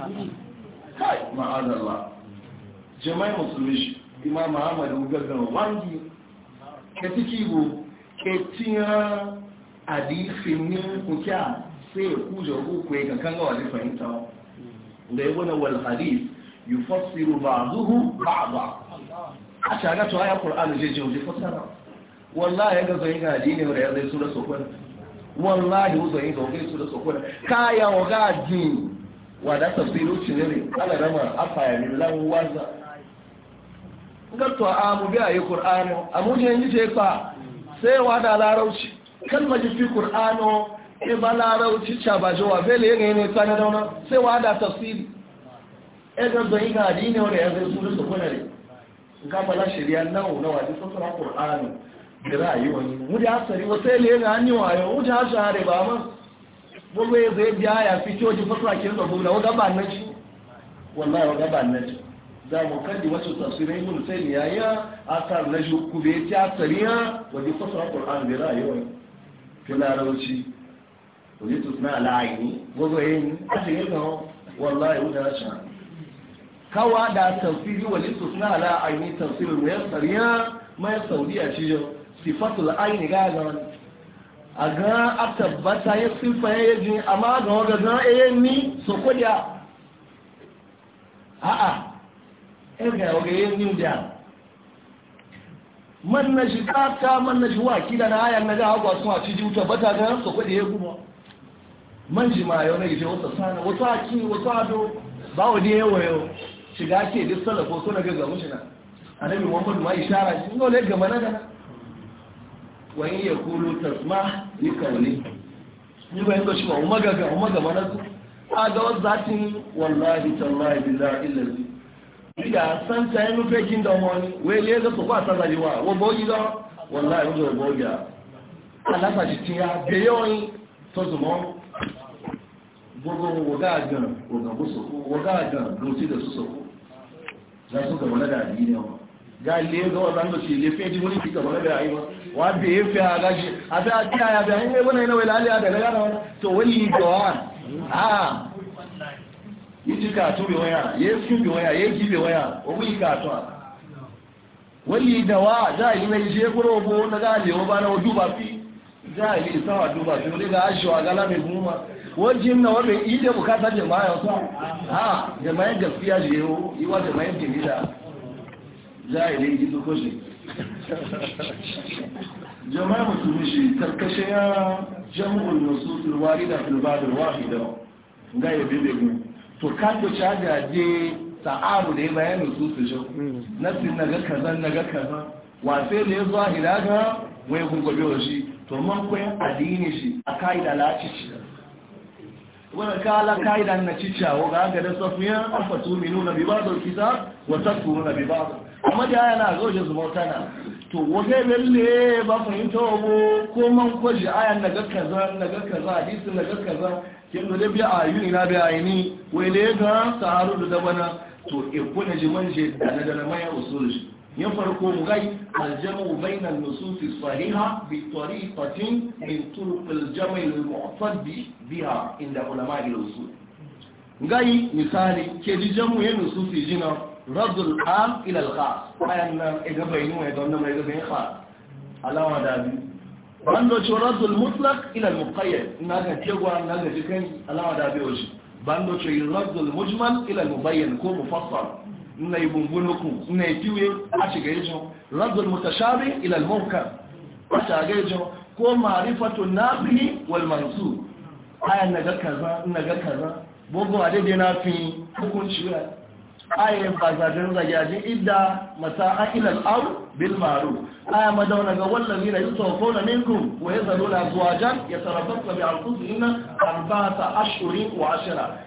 kai ma'adallah jama'i musulmi imam ahmad gaggan wangi ka bu ke tiya adifin ni kuka sai ku jaru ku ya kankan ga wani wal hadith yufassiru ba'duhu ba'dahu a shaga to aya qur'anu je je je fasara wallahi ga zai ga dini wala ya zai sura sokon wallahi uzo yin ga sura sokon kaya wa ga dini wa da tafsiru cinere ala rama afaya ni lan waza ngatto a mu bi ayi qur'anu amuje yin je fa sai wa da larauci kalmar fi qur'anu e ba larauci cha ba jo wa vele ne ne tsana dauna sai wa da tafsiri e ga zai ga dini wala ya zai sura sokon ne ga bala shari'a nawo na waje fasara qur'ani da rayuwa ne wuce asari wata ile ga hannu wayo wuce asari ba ma gbogbo ya zai biya ya fi kyoji fasara ke da gona wa gaba na ci wallahi wa gaba na ci za mu kalli wasu tafsirin ibn sayyid ya ya asar na ju kube ci asari ya waje fasara qur'ani da rayuwa ne to larauci waje tusna al'aini gbogbo yayin asiri ga wallahi wuce asari kawa da tafsiri wa lissu suna ala aini tafsirin mai tsariya mai saudiya a yau sifatul aini ga ga a ga a tabbata ya sifa ya yi amma ga waga zan iya ni so kodiya a ɗan ga waga ya yi da man na shi kata man na shi waki da na hayan na ga hagu a a ciji tabbata ga so kodiya ya kuma man shi ma yau na gishe wata sana wata aki wata ado ba wani yawon yau shiga ke duk salafo suna ga gamu shi na annabi muhammadu ma ishara shi ne ga mana da wa in yakulu tasma ni kawli ni ba yanzu shi ba umma ga ga umma ga mana su a ga wazatin wallahi tallahi billahi illa bi ya san ta yi nufe kin da wani wai le ga su ba ta zaliwa wa bogi da wallahi mun ga bogi Allah ta ji ya be yoyin to zumo gbogbo wọ̀gá àjọ̀ wọ̀gá àjọ̀ lọ sí ìdọ̀sọ́sọ́kú zasu ga wala da addini ba ga le ga wannan da shi ne fe di muni kika wala da ai ba wa be fe ga shi a ta ta ya da hin wani na wala da daga yana to wali ga wan a yiji ka to bi waya yesu bi waya yeji bi waya o wi ka to wali da wa za yi mai je guro bo na ga le bana na duba fi za yi sawa duba fi ne ga shi wa ga la mai guma wajen na wannan ide bukata jama'a yau ha jama'a gaskiya je yo yi wa jama'a a jahilin gizo ko shi jama'a musulmi shi karkashe ya jam'ul nususul warida fil badr wahida ga ya bi begu to kando caja je ta'aru da ya bayan nususul shi nasin naga kaza naga kaza wasai ne zuwa hidaga wai kun gobe shi to man koyan addini shi a kai da laci shi wani kala ka'ida na cicawo ga aga da safiya alfa tuminu na bibazar kita wata turu na bibazar amma da aya na zoje zuba tana to waje lalle ba fahimta wabo ko man kwaje aya na ga kaza na ga kaza hadisi na ga kaza kin da bi ayuni na bi ayini wai da ga saharu da dabana to e kuna jiman je da na da mai usul يفرق غير الجمع بين النصوص الصحيحة بطريقة من طرق الجمع المعتد بها عند علماء الأصول غير مثال كذي جمع النصوص جنا رد العام إلى الخاص أي أن إذا بينه إذا بينه إذا بين خاص على ما دابي ci radul mutlaq ila al muqayyad naga cewa naga jikan alama da biyo shi bando ci radul mujmal ila al mubayyan ko na ibungunuku na ikiwe a shiga yajo raddul mutashabi ila al-munkar a shiga yajo ko ma'rifatu nafi wal mansub aya naga kaza naga kaza bogo a daidai na fi hukunci ya aya ba zagen zagajin idda mata akilal aw bil ma'ruf aya madauna ga wallahi la yutawfuna minkum wa yazaluna zuwajan yatarabbasna bi anfusihinna arba'ata ashhurin wa ashara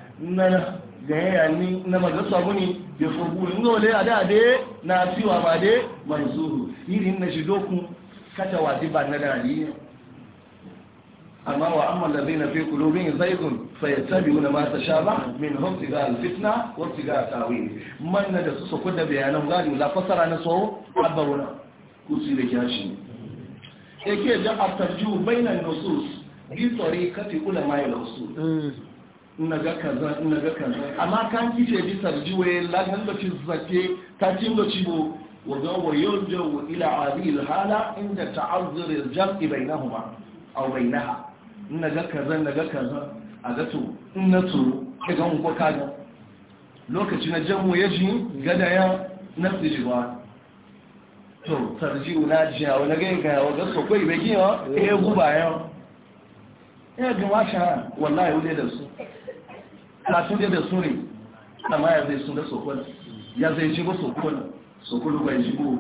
jayayya ni na majalisa muni ya sobu in zo da da de na siwa ba de manzuru irin na shi doku kata ba na dali amma wa amma allazina fi qulubihim zaygun fayattabi'una ma tashaba min ibtiga ga fitna wa ga tawil manna da su soko da bayanan gadi la fasara na so abaruna kusi da kyashi yake da at-tarjih bayna nusus bi tariqati ulama al-usul naga kaza naga kaza amma kan kice bi sarjiwe la kan da ci zake ta cin da cibo wa ga wa yurja ila adil hala inda ta'azzur al-jam'i bainahuma aw bainaha naga kaza naga kaza a ga to in na to kaga mun ko kaga lokaci na jamu ji gada ya su ji ba to sarjiu na jiya wani naga ga wa ga so kai bai kiyo eh guba yau eh ga washa wallahi wule da su kafin da da sure amma ya zai suna sokona ya zai shigo sokona sokolo bai shigo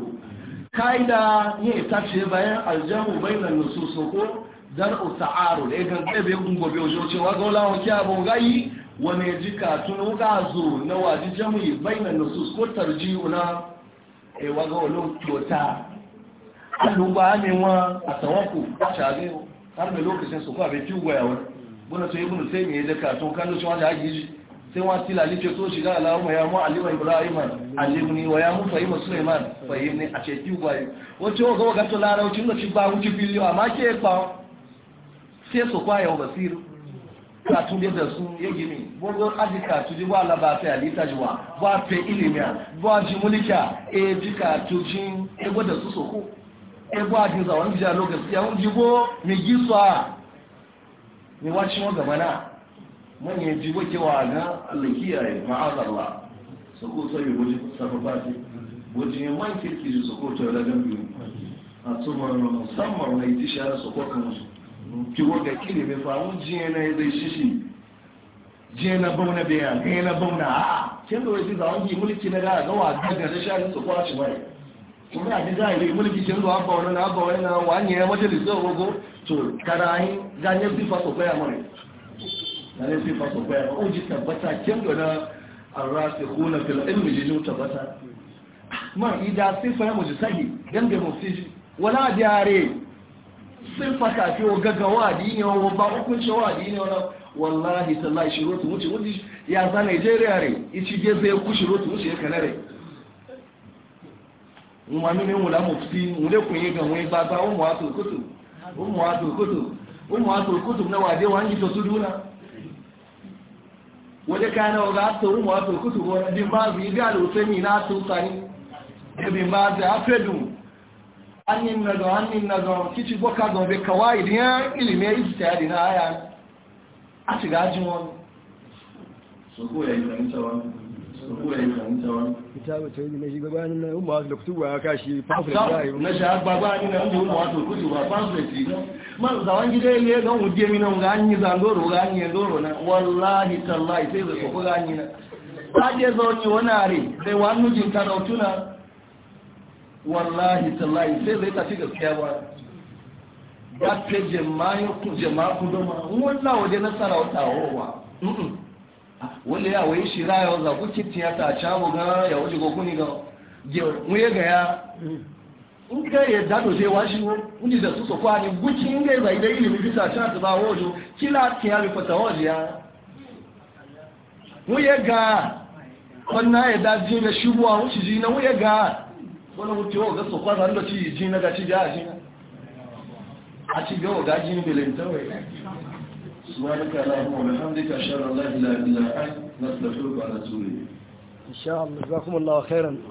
kaida ne ta ce bayan aljamu bai bainan nusu soko dan uta'aru da yakan ɗabe gungo bai wajen cewa ga wala wanke abu gayi wani ya ji katun wuka zo na waji jami'i bainan nusu ko tarji na e, wa ga wani kyauta alubanin wa a tawanku a shagayau har da lokacin su kwa bai kiwo ya wani bọ́nà tó ibùn sẹ́yìn ẹ̀dẹ́ka tó kánú tí wọ́n dá yìí tí wọ́n ti lálẹ́kẹ́ tó ṣe dára láwọn ya mọ́ alẹ́wà ibrahima alẹ́bùni wa mú fahima suleiman fahimni a ṣe kí wáyé wọ́n tí wọ́n gọ́wọ́ gátó lára ojú lọ ti gba ojú bílíọ̀ àmá kí ẹ ṣe sọ pa ẹ̀wọ̀ basiru kàtún dé dẹ̀sùn yégi mi bọ́dọ̀ adìka tuji ni wacin wa gaba na man ya ji wake wa ga Allah kiyaye ma'azalla su ko sai goji safa ba sai yi man ke ki su ko to da gambi a tsoma musamman mai tishara su ko kan su ki wa ga kile be fa mun ji na zai shishi ji na bauna be ya ga na bauna a kin da wai za ki yi mulki na ga ga wa ga da shari a kwaci bai kuma a ji yi mulki kin zo abba na, abba wannan wani ya majalisa gogo so kara yi ganyen fifa so kwaya mara ganyen fifa so kwaya mara oji tabbata kyan gana an rasu kuna fil ilmi jini tabbata ma ida sifa ya muji sahi yan da mufisi wala diare sifa ka fi o gaga wa dini wa ba hukunci wa dini wa wallahi tallahi shiro tu wuce wuce ya za Nigeria re ichi je zai ku shiro tu wuce kana re mu ma mini mu la mufisi mu le kun yi ga mu ba ba mu wa tu kutu ummatul kutub ummatul kutub na waje wani to su duna waje kana wa to ummatul atọ wa din ba bi ga na to sani bin ba da afedu annin na don annin na don kici din ilimi ya dị ta na aya a shiga ajin kitabu tawhid na shi gaba nan umma kutuba ya kashi pamphlet ya yi na shi gaba nan umma kutuba pamphlet ne gide ne ga mu je ga anyi ga anyi na wallahi tallahi sai da ko ga anyi na zo ni wani sai wani jin karautuna wallahi tallahi sai zai ta ba ya ce jama'a ku jama'a ku waje na sarauta oh, wa wanda ya wayi shi raya za ku tiyata ya ga ya wuce go ga mu ga ya in ka ye shi wo da su so kwa in ga ba ida ilimi bisa ba wojo kila ya lu ya mu ga wannan ya da ji na shubuwa na mu ga wani wuce ga so kwa ci ji na ga ci ji na a ci ga wo ji ni belenta wai سبحانك اللهم وبحمدك أشهد أن لا إله إلا أنت نستغفرك ونتوب إليك إن شاء الله جزاكم الله خيرا